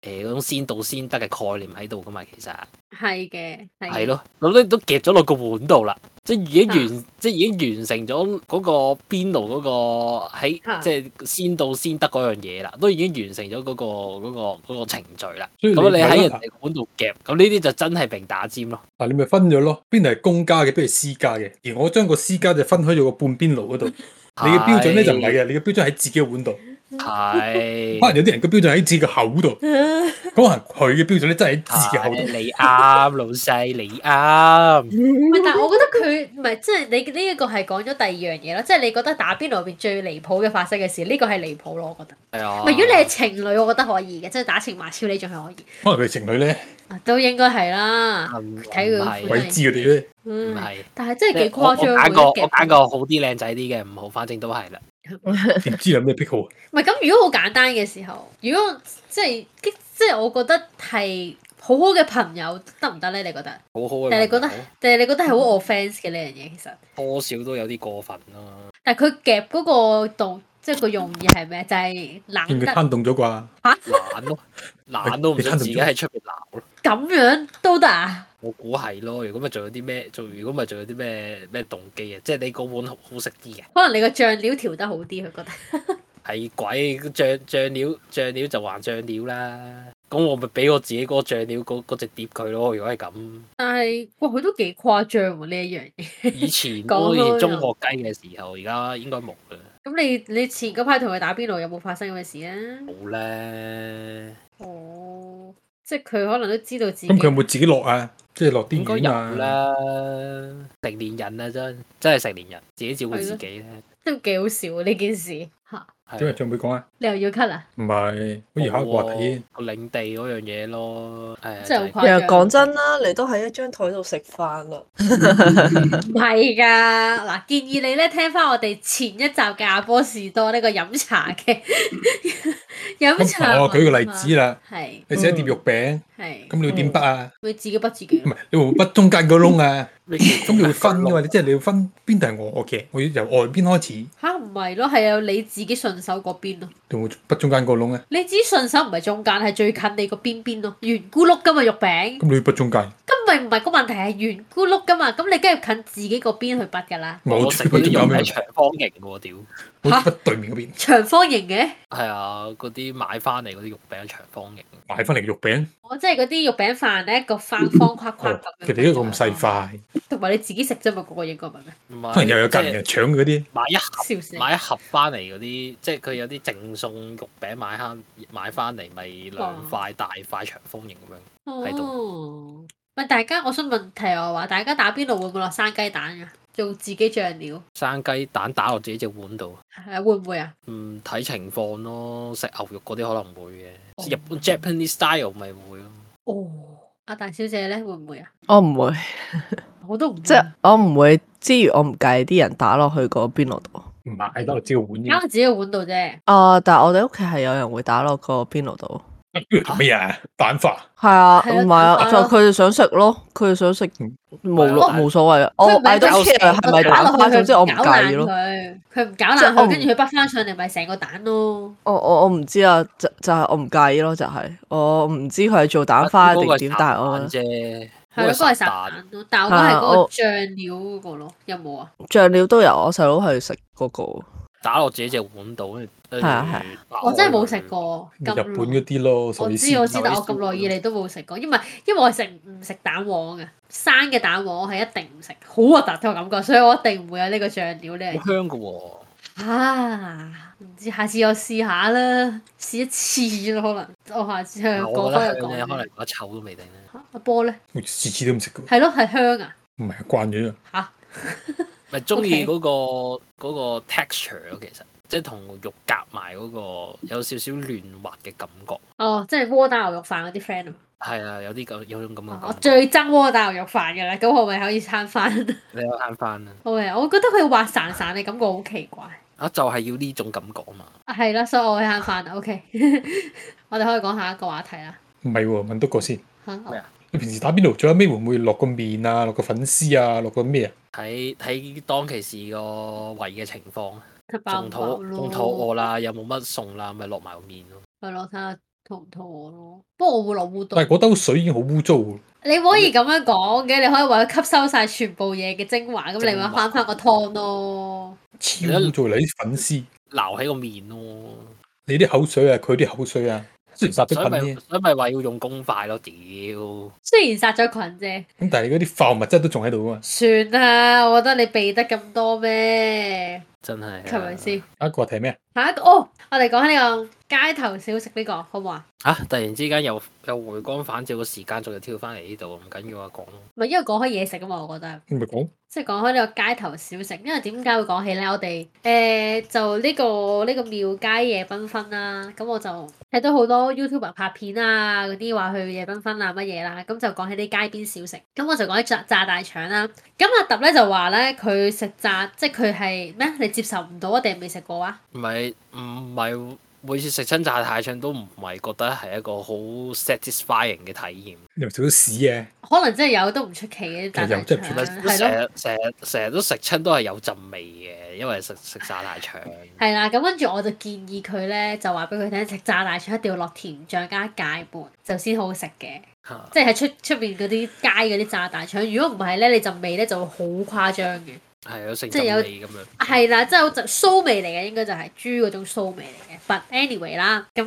誒，嗰種先到先得嘅概念喺度噶嘛，其實係嘅，係咯，咁咧都夾咗落個碗度啦，即係已經完，的即係已經完成咗嗰個邊爐嗰個喺即係先到先得嗰樣嘢啦，都已經完成咗嗰個、嗰個、嗰個、嗰個程序啦。咁你喺人哋碗度夾，咁呢啲就真係並打尖咯。啊，你咪分咗咯，邊度係公家嘅，邊係私家嘅，而我將個私家就分開咗個半邊爐嗰度。你嘅標準咧就唔係嘅，你嘅標準喺自己嘅碗度。係，可能有啲人嘅標準喺自己嘅口度，咁啊，佢嘅標準咧真係喺自己口度。你啱，老細你啱。但係我覺得佢唔係，即係你呢一個係講咗第二樣嘢咯，即係你覺得打邊爐入邊最離譜嘅發生嘅事，呢個係離譜咯，我覺得。係啊。如果你係情侶，我覺得可以嘅，即係打情罵俏你仲係可以。可能佢哋情侶咧。都應該係啦，睇佢。係。鬼知佢哋咧。係。但係真係幾誇張。我揀個，我揀個好啲、靚仔啲嘅，唔好，反正都係啦。點 知有咩癖好啊？唔係咁，如果好簡單嘅時候，如果即係即係，即我覺得係好好嘅朋友得唔得咧？你覺得？好好嘅，但係你覺得，但係你覺得係好 offensive 嘅呢樣嘢，其實多少都有啲過分啦、啊。但係佢夾嗰個凍，即、就、係、是、個用意係咩？就係、是、冷得，見佢攤凍咗啩？吓，冷咯。懶都唔想自己喺出邊鬧咯，咁樣都得啊？得 我估係、那個、咯，如果咪仲有啲咩，做如果咪仲有啲咩咩動機啊？即係你個碗好食啲嘅，可能你個醬料調得好啲，佢覺得係鬼醬醬料醬料就還醬料啦。咁我咪俾我自己個醬料嗰嗰隻碟佢咯。如果係咁，但係哇，佢都幾誇張喎呢一樣嘢。以前好似 說中學雞嘅時候，而家應該冇噶。咁你你前嗰排同佢打邊爐有冇發生咁嘅事啊？冇咧。哦，即係佢可能都知道自己。咁佢有冇自己落啊？即係落啲應該有啦，成年人啊真真係成年人，自己照顧自己咧，都幾的的好笑呢件事吓。今日仲未講啊？你又要 cut 啊？唔係是，好似開個片個領地嗰樣嘢咯。誒、哎，又講真啦，你都喺一張台度食飯啦。唔係㗎，嗱，建議你咧聽翻我哋前一集嘅阿波士多呢、這個飲茶嘅 飲茶文。我舉個例子啦，係 是，你整碟肉餅。嗯係，咁你會點筆啊？會自己筆自己，唔係你會筆中間個窿啊？咁你會分嘅嘛？即係你要分邊度係我嘅，我要由外邊開始。吓唔係咯，係有你自己順手嗰邊咯。你會筆中間個窿啊？你自己順手唔係中間，係最近你個邊邊咯，圓咕碌噶嘛肉餅。咁你會筆中間。唔係唔係，個問題係圓咕碌噶嘛，咁你梗係近自己個邊去筆噶啦。冇，佢啲有咩長方形嘅喎，屌吓，對面嗰邊長方形嘅。係啊，嗰啲買翻嚟嗰啲肉餅長方形，買翻嚟肉餅。我、oh, 即係嗰啲肉餅飯咧個翻方框框。佢哋都咁細塊。同埋、啊、你自己食啫嘛，嗰、嗰個應該唔係咩。同埋又有隔嘅搶嗰啲，買一盒買一盒翻嚟嗰啲，即係佢有啲贈送肉餅，買一買翻嚟咪兩塊大塊長方形咁樣喺度。哦哦喂，大家，我想問題我話，大家打邊爐會唔會落生雞蛋噶、啊？用自己醬料，生雞蛋打落自己隻碗度，係啊，會唔會啊？嗯，睇情況咯。食牛肉嗰啲可能會嘅，oh, 日本 Japanese style 咪會咯。哦，阿大小姐咧會唔會啊？我唔不會， 我都唔知。我唔會。之餘我唔介意啲人打落去個邊爐度。唔係，都係隻碗。自己隻碗度啫。哦，uh, 但係我哋屋企係有人會打落個邊爐度。咩嘢？蛋花，係啊，唔係啊，就佢哋想食咯，佢哋想食，冇咯，冇所謂啊。我嗌，都係，係咪蛋花即係我唔介意咯？佢唔搞爛佢，跟住佢北翻上嚟，咪成個蛋咯。我我我唔知啊，就就係我唔介意咯，就係我唔知佢係做蛋花定點，但係我啫，係咯，都係炒蛋咯，但係都係嗰個醬料嗰個咯，有冇啊？醬料都由我細佬係食嗰個。打落自己隻碗度，我真係冇食過。日本嗰啲咯，我知我知，道我咁耐以嚟都冇食過。因為因為我食唔食蛋黃嘅生嘅蛋黃，我係一定唔食，好核突，俾我感覺，所以我一定唔會有呢個醬料呢。好香噶喎！嚇，唔知下次我試下啦，試一次咯，可能我下次去。我覺得香咧，可能覺得臭都未定咧。阿波咧？次次都唔食。係咯，係香啊！唔係慣咗啊！嚇～咪中意嗰個嗰 Okay. 個 texture 咯，其實即係同肉夾埋嗰個有少少嫩滑嘅感覺。哦，oh, 即係窩蛋牛肉飯嗰啲 friend 啊。係啊，有啲咁有種咁嘅。我、oh, 最憎窩蛋牛肉飯嘅咧，咁我咪可以慳翻。你有慳翻啊？Oh, 我咪，覺得佢滑潺潺，嘅感覺好奇怪。啊， 就係要呢種感覺啊嘛。啊，係啦，所以我可以慳翻啦。OK， 我哋可以講下一個話題啦。唔係喎，問多個先。麼哦、你平時打邊爐？最後尾會唔會落個麵啊？落個粉絲啊？落個咩啊？睇睇當其時個胃嘅情況，仲肚仲肚餓啦，有冇乜餸啦，咪落埋個麵咯。係咯，睇下肚唔肚餓咯。不過我會落烏冬。但係嗰兜水已經好污糟。你可以咁樣講嘅，你可以為佢吸收晒全部嘢嘅精華，咁米你咪翻翻個湯咯。做你啲粉絲，撈喺 個麵咯。你啲口水啊，佢啲口水啊。所以咪所以咪話要用公筷咯，屌！雖然殺咗菌啫，咁但係嗰啲化學物質都仲喺度啊嘛。算啦，我覺得你避得咁多咩？真係係咪先？一、啊、個睇咩？下一個哦，我哋講下呢個街頭小食呢、這個好唔好啊？嚇！突然之間又又回光返照嘅時間，仲要跳翻嚟呢度，唔緊要啊，講咯。唔係因為講開嘢食啊嘛，我覺得。唔係講，即係講開呢個街頭小食。因為點解會講起咧？我哋誒、呃、就呢、這個呢、這個廟街夜繽紛啦。咁我就睇到好多 YouTuber 拍片啊，嗰啲話去夜繽紛啊乜嘢啦。咁就講起啲街邊小食。咁我就講起炸炸大腸啦。咁阿揼咧就話咧，佢食炸，即係佢係咩？你。接受唔到啊？定係未食過啊？唔係唔係，每次食親炸大腸都唔係覺得係一個好 satisfying 嘅體驗。有少屎嘅。可能真係有都唔出奇嘅，炸大腸。係咯，成日成日成日都食親都係有陣味嘅。因為食食炸大腸。係啦、 啊，咁跟住我就建議佢咧，就話俾佢聽，食炸大腸一定要落甜醬加芥末，就先好食嘅。啊、即係喺出出面嗰啲街嗰啲炸大腸，如果唔係咧，你陣味咧就會好誇張嘅。係有成肉味咁樣，係啦，即係就臊、是、味嚟嘅，應該就係豬嗰種臊味嚟嘅。But anyway 啦，咁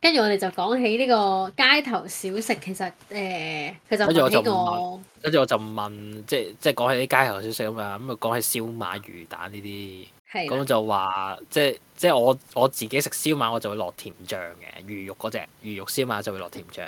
跟住我哋就講起呢個街頭小食，其實誒，佢、呃、就唔知我。跟住我就，問，我就問，即係即係講起啲街頭小食啊嘛，咁啊講起燒賣魚蛋呢啲，咁的就話即係即係我我自己食燒賣，我就會落甜醬嘅魚肉嗰隻魚肉燒賣就會落甜醬。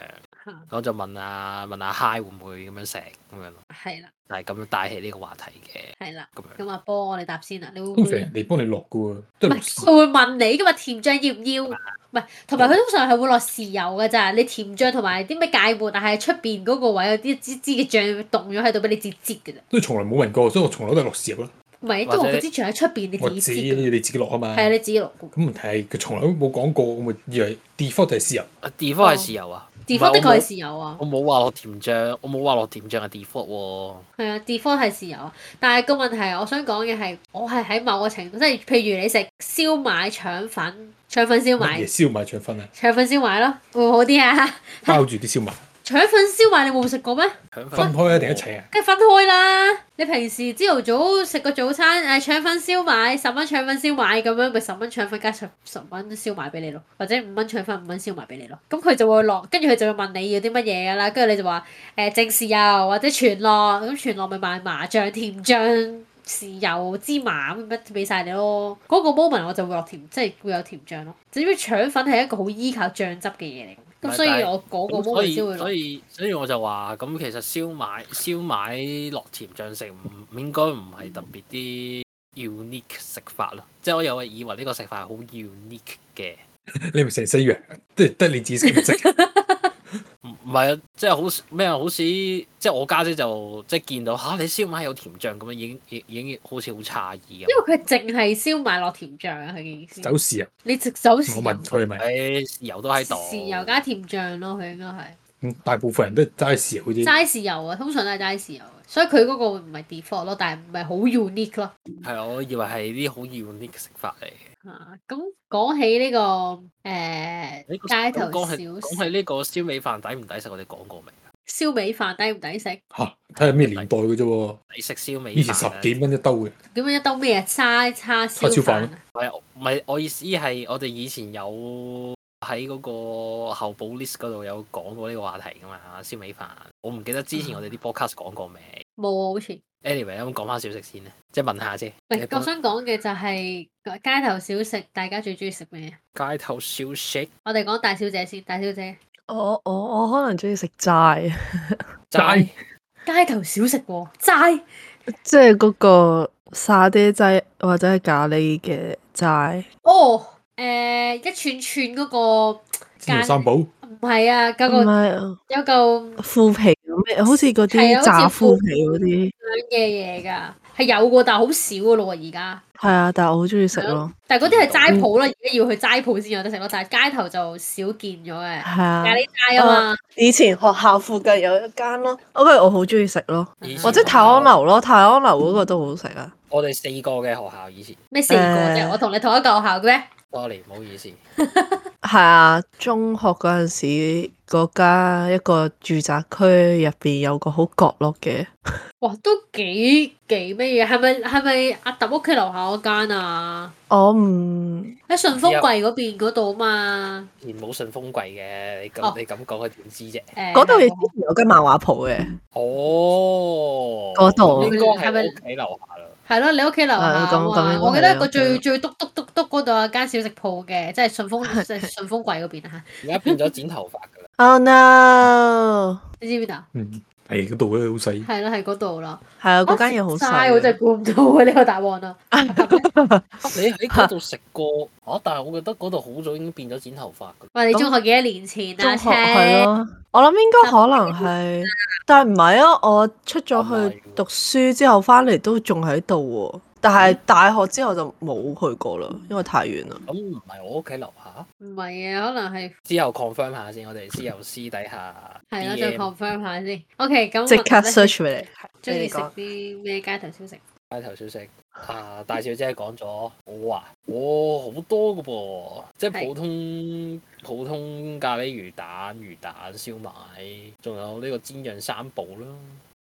我就問阿問阿 Hi 會唔會咁樣食咁樣咯，係啦的，就係咁樣帶起呢個話題嘅，係啦的，咁咁樣、嗯、阿波我哋答先啦，你會會通常你幫你落噶喎，唔係，會問你噶嘛，甜醬要唔要？唔係的，同埋佢通常係會落豉油噶咋，你甜醬同埋啲咩芥末啊，但係出邊嗰個位有啲支支嘅醬凍咗喺度俾你折折噶咋，都從來冇問過，所以我從嚟都係落豉油啦。唔係，都係佢之前喺出邊，你自己，你你自己落啊嘛。係啊，你自己落。咁問題係佢從來都冇講過，我咪以為 default 係豉油，default 係豉油啊。default 的確係豉油啊！我冇話落甜醬，我冇話落甜醬係 default 喎。係啊，default 係豉油啊！啊油但係個問題我，我想講嘅係，我係喺某個程度，即係譬如你食燒賣腸粉，腸粉燒賣，燒賣腸粉啊，腸粉燒賣咯，會唔會好啲啊？ 包住啲燒賣。 腸粉燒賣你冇食過咩？分，分開啊定一齊啊？梗係分開啦！你平時朝頭早食個早餐，誒、呃、腸粉燒賣十蚊腸粉燒賣咁樣，咪十蚊腸粉加十十蚊燒賣俾你咯，或者五蚊腸粉五蚊燒賣俾你咯。咁、嗯、佢就會落，跟住佢就會問你要啲乜嘢㗎啦。跟住你就話誒、呃、淨豉油或者全落，咁全落咪賣麻醬甜醬。豉油芝麻咁樣俾曬你咯，嗰、嗰個 moment 我就會落甜，即係會有甜醬咯。點知腸粉係一個好依靠醬汁嘅嘢嚟，咁是所以我嗰個 moment 先會、嗯、所以所以所以我就話，咁其實燒賣燒賣落甜醬食唔應該唔係特別啲 unique 食法咯，即係我有以為呢個食法係好 unique 嘅。 你咪成四樣，都係得你自己食。唔係啊，即係好咩？啊？好似即係我家姐就即係見到嚇你燒賣有甜醬咁樣，已經已已經好似好詫異啊！因為佢淨係燒賣落甜醬啊，佢嘅意思走豉時油，你直走豉油，我問佢係咪？豉油都喺度。豉油加甜醬咯，佢應該係、嗯。大部分人都齋豉油，啲。齋豉油啊，通常都係齋豉油，所以佢嗰個唔係 default 咯，但係唔係好 unique 咯。係啊，我以為係啲好 unique 嘅食法嚟。啊，咁講、嗯、起呢、這個誒，街、呃、頭講係講係呢個燒味飯抵唔抵，抵，抵食？我哋講過未？燒味飯抵唔抵食、啊？吓，睇下咩年代嘅啫。你食燒味以前十幾蚊一兜嘅，點樣一兜咩啊？叉叉燒飯？唔係唔係，我意思係我哋以前有喺嗰個候補 list 嗰度有講過呢個話題噶嘛？燒味飯，我唔記得之前我哋啲 broadcast 講、嗯、過未？冇，好似。Anyway，咁講翻小食先咧，即係問下先。唔係，我想講嘅就係街頭小食，大家最中意食咩？街頭小食，我哋講大小姐先，大小姐。我我我可能中意食齋。齋 菜。街頭小食喎、啊，齋。即係嗰個沙爹齋或者係咖喱嘅齋。哦，誒、呃、一串串嗰個。煎釀三寶。唔係啊，嗰、那個、啊、有嚿個腐皮。好似嗰啲炸腐皮嗰啲嘅嘢噶，係有噶，但係好少噶咯，而家。係啊，但係我好中意食咯。但係嗰啲係齋鋪啦，而家、嗯、要去齋鋪先有得食咯。但係街頭就少見咗嘅。係啊的，咖喱齋啊嘛。以前學校附近有一間咯，不過我好中意食咯。或者泰安樓咯，泰安樓嗰個都好食啊。我哋四個嘅學校以前。咩四個啫？嗯、我同你同一個學校嘅咩？多年唔好意思。 係啊，中學嗰陣時，嗰間一個住宅區入邊有個好角落嘅。哇，都幾幾咩嘢？係咪係咪阿揼屋企樓下嗰間啊？我唔喺順豐櫃嗰邊嗰度啊嘛。而冇順豐櫃嘅，你咁，哦、你咁講佢點知啫？嗰度，欸、之前有間漫畫鋪嘅。哦，嗰度應該係屋企樓下啦。是係咯，你屋企樓，我記得一個最最篤篤篤篤嗰度，有間小食鋪嘅，即係順風即係 順風櫃嗰邊，而家 變咗剪頭髮㗎。Oh no！你知唔知道？嗯係嗰度咧，好細。係啦，喺嗰度啦，係啊，嗰間嘢好細，我真係估唔到啊。呢個答案 啊！你喺嗰度食過 啊？但係我覺得嗰度好早已經變咗剪頭髮。喂、啊，你中學幾多年前啊？中學係咯，我諗應該可能係，但係唔係啊？我出咗去讀書之後翻嚟都仲喺度喎。但係大學之後就冇去過啦，因為太遠啦。咁唔係我屋企樓下？唔係嘅，可能係之後 confirm 下先，我哋之後私底下。係咯，再 confirm DM 下先。OK，咁即刻 search 俾你。中意食啲咩街頭小食？街頭小食啊！大小姐講咗，我啊，我好多㗎噃，即係普通是普通咖喱魚蛋、魚蛋燒賣，仲有呢個煎釀三寶咯。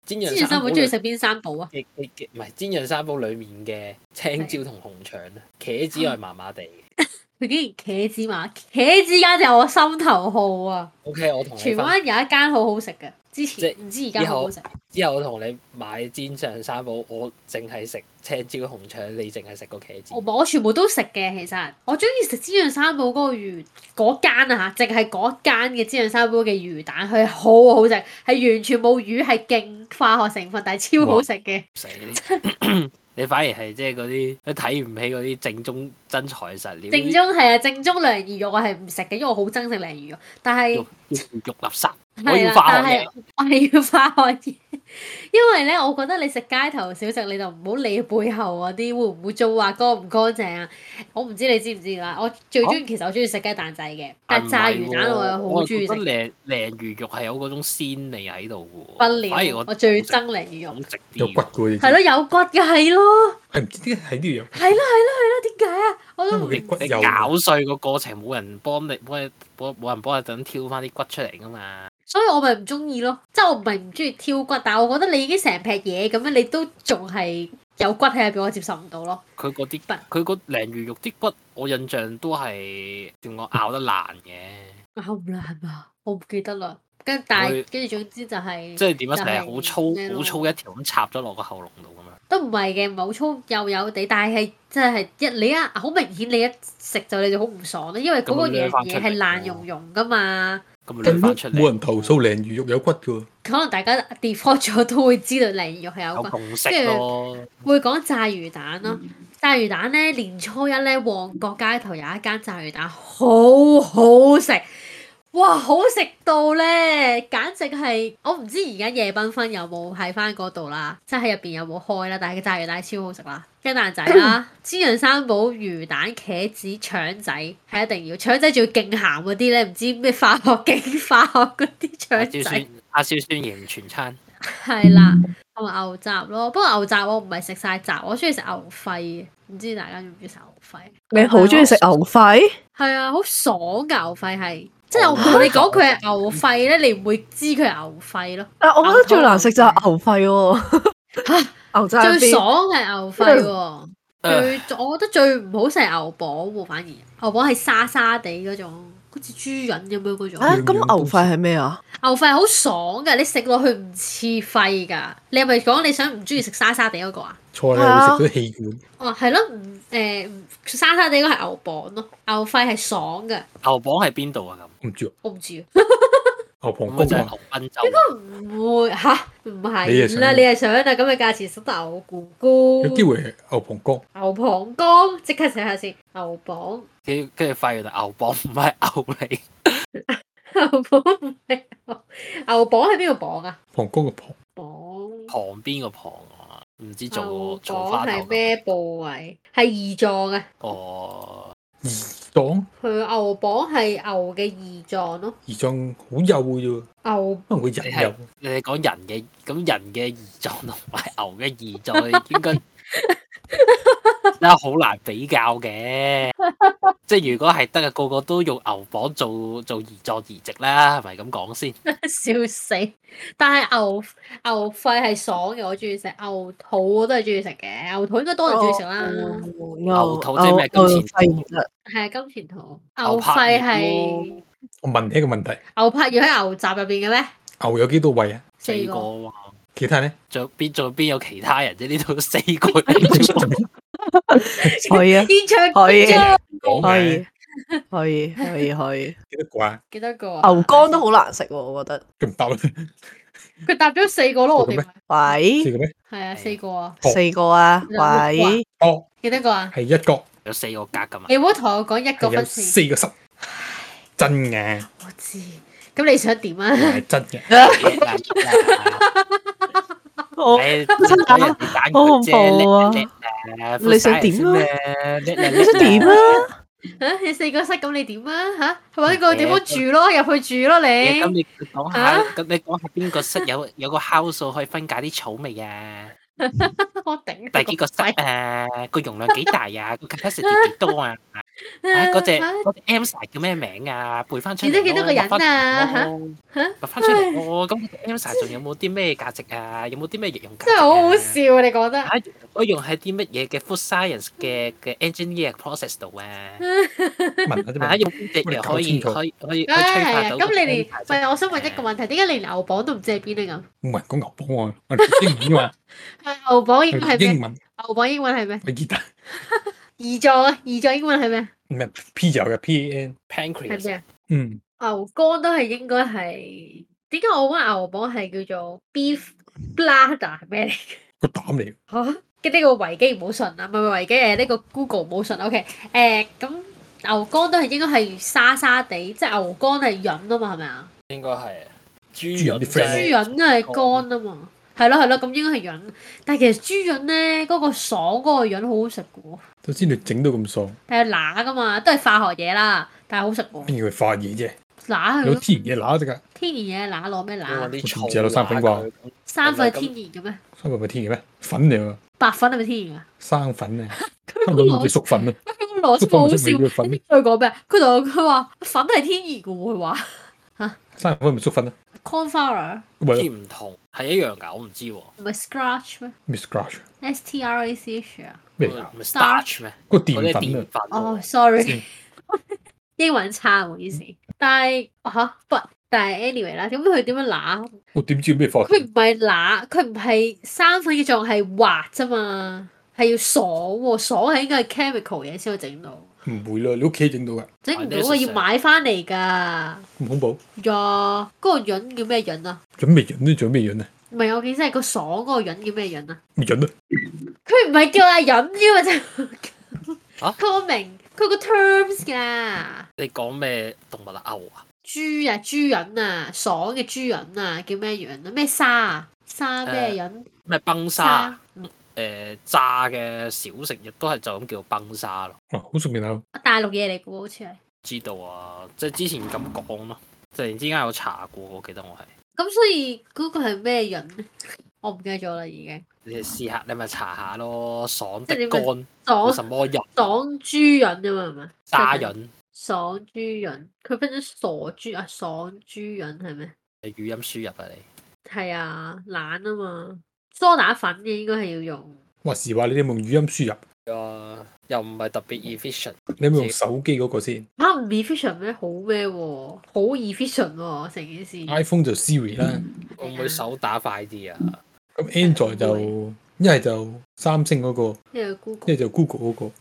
煎釀三寶中意食邊三寶啊？唔係煎釀三寶裏面嘅青椒同紅腸啦，的茄子係麻麻地。佢、嗯、 竟然茄子嘛？茄子家就我心頭好啊！O、okay, K，我同荃灣有一間好好食嘅。之前唔即知而家好好食。之後我同你買煎醬三寶，我淨係食青椒紅腸，你淨係食個茄子。我我全部都食嘅，其實我中意食煎醬三寶嗰個魚嗰間啊嚇，淨係嗰間嘅煎醬三寶嘅魚蛋，佢好好食，係完全冇魚，係勁化學成分，但係超好食嘅。你反而係即係嗰啲都睇唔起嗰啲正宗。真材實料，正宗係啊！正宗鯪魚肉我係唔食嘅，因為我好憎食鯪魚肉。但係肉垃圾，我係要花開。我係要花開，因為咧，我覺得你食街頭小食，你就唔好理背後嗰啲會唔會做啊，乾唔乾淨啊。我唔知你知唔知啦。我最中意其實我中意食雞蛋仔嘅，但炸魚蛋我又好中意食。鯪鯪魚肉係有嗰種鮮味喺度喎。不我最憎鯪魚肉食。有骨嘅係咯。係唔知點解係呢樣。係咯係咯係咯，點解啊？我都骨有你咬碎個過程冇人幫你，幫冇人幫你等挑翻啲骨出嚟噶嘛。所以我咪唔中意咯，即係我唔係唔中意挑骨，但係我覺得你已經成劈嘢咁樣，你都仲係有骨喺入邊，我接受唔到咯。佢嗰啲骨，佢嗰鯪魚肉啲骨，我印象都係點我咬得爛嘅，咬唔爛啊？我唔記得啦。跟住，總之就係即係點樣睇？係好粗，好粗一條咁插咗落個喉嚨度咁樣。都唔係嘅，唔係好粗，幼幼地。但係真係一你一，好明顯你一食就你就好唔爽啦，因為嗰個嘢係爛融融噶嘛。咁樣翻出嚟。冇人投訴鯪魚肉有骨嘅。可能大家 default 咗都會知道鯪魚肉係有骨，有共識咯。會講炸魚蛋咯，炸、嗯、魚蛋咧，年初一咧，旺角街頭有一間炸魚蛋，好好食。哇，好食到咧，簡直係！我唔知而家夜繽紛有冇喺翻嗰度啦，即係入邊有冇開啦，但係個炸魚蛋超好食啦，雞蛋、right? 仔啦，煎釀 三寶、魚蛋、茄子、腸仔係一定要，腸仔仲要勁鹹嗰啲咧，唔知咩化學、勁化學嗰啲腸仔。阿，小酸鹽全餐係 啦，同埋牛雜咯。不過牛雜我唔係食晒雜，我中意食牛肺，唔知大家中唔中意食牛肺？你好中意食牛肺？係 啊，好爽牛肺係。即係我，你講佢係牛肺咧，你唔會知佢係牛肺咯。啊，我覺得最難食就係牛肺，哦， 牛雜最爽係牛肺。是最， 我覺得最唔好食係牛磅喎，反而牛磅係沙沙地嗰種。好似豬膶咁樣嗰種。啊，咁牛肺係咩啊？牛肺係好爽嘅，你食落去唔似肺㗎。你係咪講你想唔中意食沙沙地嗰個啊？錯，你係會食咗氣管。哦，係咯，唔沙沙地嗰個係牛蒡咯，牛肺係爽嘅。牛蒡係邊度啊？咁唔知。我唔知。牛膀哥啊！應該唔會吓，唔係啦，你係想啊咁嘅價錢，想得牛股股？有機會牛膀哥。牛膀哥，即刻寫下先。牛膀。跟跟住發現就牛膀唔係牛脷。牛膀唔係牛膀係邊個膀啊？膀胱嘅膀。膀。旁邊個膀啊？唔知做做花。膀係咩部位？係二狀啊。哦。二。檔，佢牛膀係牛嘅胰臟咯，胰臟好幼嘅啫，牛可能會人幼，你哋講人嘅咁人嘅胰臟同埋牛嘅胰臟係點解？ 啦，好、啊、難比較嘅。 即係如果係得嘅，個個都用牛膀做做移作移植啦，係咪咁講先？笑死！但係牛牛肺係爽嘅，我中意食牛肚，我都係中意食嘅。牛肚應該多人中意食啦。哦哦哦、牛肚即係咩金錢？係啊，金錢肚。牛肺係我問你一個問題：牛柏葉要喺牛雜入邊嘅咩？牛有幾多胃啊？四個。其他咧？仲邊仲邊有其他人啫？呢度四個。 可以啊，天長地久，可以，可以，可以，可以，幾多個啊？幾多個啊？牛肝都好難食喎，我覺得。佢唔答啦，佢答咗四個咯，我哋。喂？四個咩？係啊，四個啊，四個啊。喂？哦。幾多個啊？係一個有四個格㗎嘛？你唔好同我講一個分四個十，真嘅。我知，咁你想點啊？係真嘅。我分隔人哋打人，借你你你，你想點啊？你想點啊？啊，你四個室咁，你點啊？吓，係咪呢個地方住咯？入去住咯，你。咁你講下，咁你講下邊個室有有個酵素可以分解啲草味啊？我頂。第幾個室誒？個容量幾大啊？個 capacity 幾多啊？嗰隻嗰啲 answer 叫咩名啊？背翻出嚟，識得幾多個人啊？吓吓，讀翻出嚟，我咁個 answer 仲有冇啲咩價值啊？有冇啲咩應用價值啊？真係好好笑啊！你覺得？啊，我用係啲乜嘢嘅 food science 嘅嘅 engineer process 度啊？文啊，用邊隻嚟搞清楚？哎，係啊，咁你連唔係？我想問一個問題，點解你連牛蒡都唔知係邊啊？唔係講牛蒡啊，英文啊？牛蒡英文係咩？牛蒡英文係咩？咪吉他。胰臟，胰臟英文係咩？唔係 pan 嘅 pan pancreas 係咩？嗯，牛肝都係應該係點解我覺得牛寶係叫做 beef bladder 係咩嚟？個膽嚟嘅吓？呢個維基唔好信啊，唔係唔係維基誒，呢個 Google 唔好信。O K 誒，咁牛肝都係應該係沙沙地，即係牛肝係潤啊嘛，係咪啊？應該係豬潤啲，豬潤都係乾啊嘛，係咯係咯，咁應該係潤。但係其實豬潤咧嗰個爽嗰個潤好好食噶喎。首先你整到咁爽，係乸噶嘛，都係化學嘢啦，但係好食喎。邊叫佢化嘢啫？乸有天然嘢乸啫㗎。天然嘢乸攞咩乸？全只攞生粉啩。生粉係天然嘅咩？生粉咪天然咩？粉嚟喎。白粉係咪天然啊？生粉啊，香港攞叫粟粉咩？香港攞真好笑。你邊度講咩？佢同我佢話粉係天然嘅喎，佢話嚇。生粉咪粟粉啊？Corn flour 唔係唔同係一樣㗎，我唔知喎。唔係 scratch 咩？Scratch。S T R A C H。starch 咩？個麼澱粉哦、啊、，sorry，、嗯、 英文差，唔好意思。但係嚇、啊，但係 anyway 啦，點解佢點樣拿？我點知咩方？佢唔係拿，佢唔係生粉嘅狀，係滑啫嘛，係要爽喎，爽係應該係 chemical 嘢先可整到。唔會啦，你屋企整到㗎？整唔到啊，要買翻嚟㗎。唔恐怖？呀、yeah,，嗰個韌叫咩韌啊？準備韌？呢準備韌啊？唔係，我記住係個爽嗰個韌叫咩韌啊？韌呢 啊！佢唔係叫阿韌啫嘛？嚇！佢個名，佢個 terms 㗎、啊。你講咩動物勾啊？牛啊？豬啊？豬，啊豬啊人啊？爽嘅豬人啊？叫咩人」？啊？咩沙啊？沙咩人？咩、呃、崩沙、啊？誒沙、嗯、炸嘅小食亦都係就咁叫崩沙咯、啊。好順、啊、便啊！大陸嘢嚟㗎喎，好似係。知道啊，即、就、係、是、之前咁講咯。突然之間有查過，我記得我係。咁所以嗰個係咩潤咧？我唔記咗啦，已經。你試下，你咪查下咯。爽的幹，爽什麼潤？是是蕊爽豬潤啫嘛，係咪？沙潤。爽豬潤，佢分咗傻豬啊，爽豬潤係咩？是是你語音輸入啊！你係啊，懶啊嘛，梳打粉嘅應該係要用。話時話你哋用語音輸入。啊，又唔係特別 efficient。你咪用手機嗰個先啊 efficient 咩？好咩、哦？好 efficient 成、哦、件事。iPhone 就 Siri 啦，可唔可以手打快啲啊？咁 Android 就一係會就三星嗰、那個，一係 Google，一係就 Google 嗰、那個。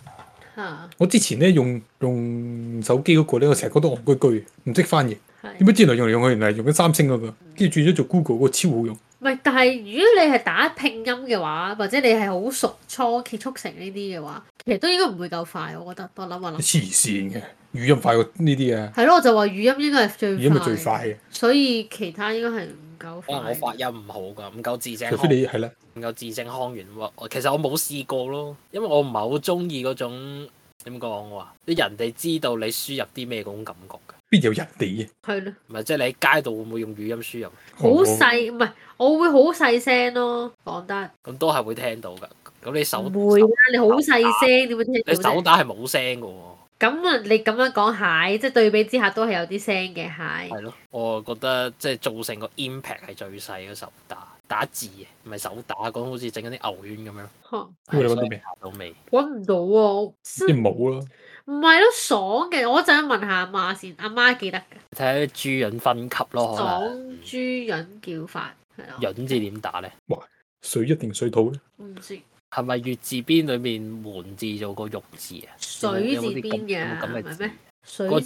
吓、啊，我之前咧用用手機嗰個咧，我成日覺得戇居居，唔識翻譯。點解之來用嚟用去，原來用緊三星嗰、那個，跟住轉咗做 Google，我、那個、超好用。唔係，但係如果你係打拼音嘅話，或者你係好熟倉頡速成呢啲嘅話，其實都應該唔會夠快，我覺得。我諗一諗。黐線嘅語音快過呢啲嘅。係咯，我就話語音應該係最快。語音係最快嘅。所以其他應該係唔夠快。啊，我發音唔好㗎，唔夠字正。除非你係啦。唔夠字正腔圓喎，其實我冇試過咯，因為我唔係好中意嗰種點講話，人哋知道你輸入啲咩嗰種感覺。邊有人地啊？係咯，唔係即係你喺街度會唔會用語音輸入？好細唔係，我會好細聲咯，講得咁都係會聽到噶。咁你手唔會啊？你好細聲點會聽到？你手打係冇聲噶喎。咁啊，你咁樣講蟹，即係對比之下都係有啲聲嘅蟹。係咯，我覺得即係造成個 impact 係最細嘅手打打字，唔係手打，講好似整緊啲牛丸咁樣。吓，搵到咩？搵到未？搵唔到啊！即係冇啦。唔係咯，都爽嘅。我一陣問下阿媽先，阿媽記得嘅。睇下豬膶分級咯，爽豬膶叫法係啊。膶吧、嗯、字點打咧？哇！水一定水土咧。唔知。係咪月字邊裏面門字做個玉字啊？水字邊嘅係咪咩？水字邊。個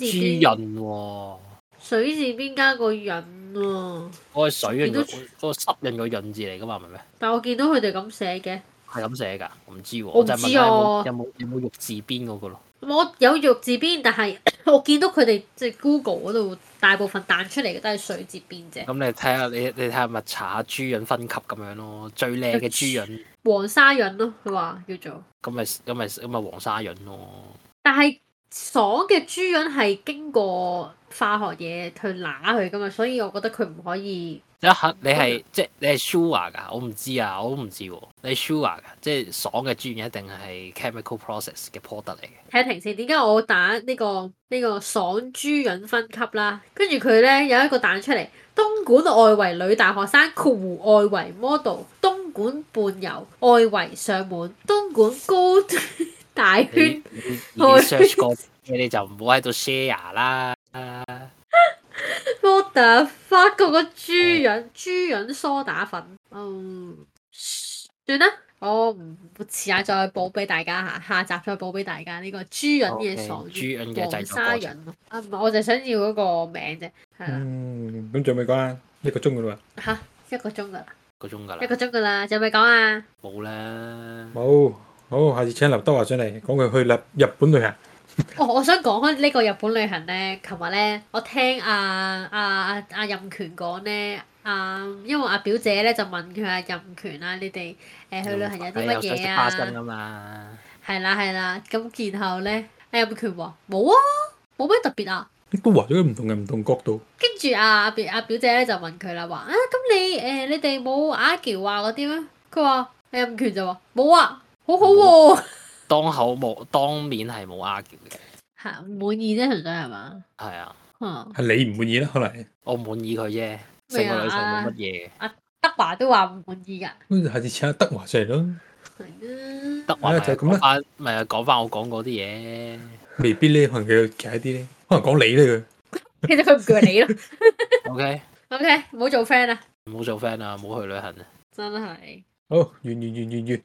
豬膶、啊、水字邊加個潤喎。我個水啊，嗰個到濕潤個潤字嚟噶嘛，係咪咩？但係我見到佢哋咁寫嘅。係咁寫噶，我唔知，我就係問下有冇有冇、啊、玉字邊嗰、那個咯。我有玉字邊，但係我見到佢哋即係、就是、Google 嗰度，大部分彈出嚟嘅都係水字邊啫。咁你睇下，你看看你睇下，咪查下豬潤分級咁樣咯，最靚嘅豬潤黃沙潤咯，佢話叫做。咁咪咁咪咁咪黃沙潤咯。但係爽嘅豬潤係經過化學嘢去拉佢噶嘛，所以我覺得佢唔可以。你嚇，你係、嗯、即係你係 sure 噶，我唔知啊，我都唔知喎、啊。你 sure 噶，即係爽嘅豬潤一定係 chemical process 嘅 product 嚟嘅。睇下平先，點解我打呢、呢個呢、呢個爽豬潤分級啦？跟住佢咧有一個彈出嚟，東莞外圍女大學生括弧外圍 model，東莞伴遊外圍上門，東莞高大圈。你 search 過， 你哋就唔好喺度 share 啦。摩打發覺嗰個豬潤豬潤、梳打粉，嗯，算啦，我唔遲下再去補俾大家吓，下集再去補俾大家呢、這個豬潤嘢，爽啲，黃沙潤咯，啊唔係，我就想要嗰個名啫，係咁仲未講啊，一個鐘噶啦，吓一個鐘噶啦，一個鐘噶、啊、啦，一個鐘噶啦，仲未講啊，冇啦，冇，好，下次請劉德華上嚟講佢去日本旅行。我我想講開呢個日本旅行咧，琴日咧我聽阿阿阿任權講咧，啊因為阿表姐咧就問佢阿任權啦，你哋誒、啊、去旅行有啲乜嘢啊？係啦，係啦，咁然後咧阿任權話冇啊，冇咩特別啊。你都話咗唔同嘅唔同角度。跟住阿阿表姐咧就問佢啦，話啊咁你誒你哋冇阿橋啊嗰啲咩？佢話阿任權就話冇啊，好好喎、啊。 當口冇當面係冇 argue 嘅，唔滿意啫，純粹係嘛？係啊，係、嗯、你唔滿意啦。可能我滿意佢啫，成個、啊、女仔冇乜嘢。阿、啊啊、德華都話唔滿意噶，咁就下次請阿德華上嚟咯。係、嗯、啊，德華就咁、是、啦，咪講翻我講過啲嘢，未必呢，可能佢其他啲咧，可能講你呢？佢。 其實佢唔叫你咯。O K，O K，唔好做 friend 啦，唔好做 friend 啦，唔好去旅行啊！真係的。好完，完完完完完。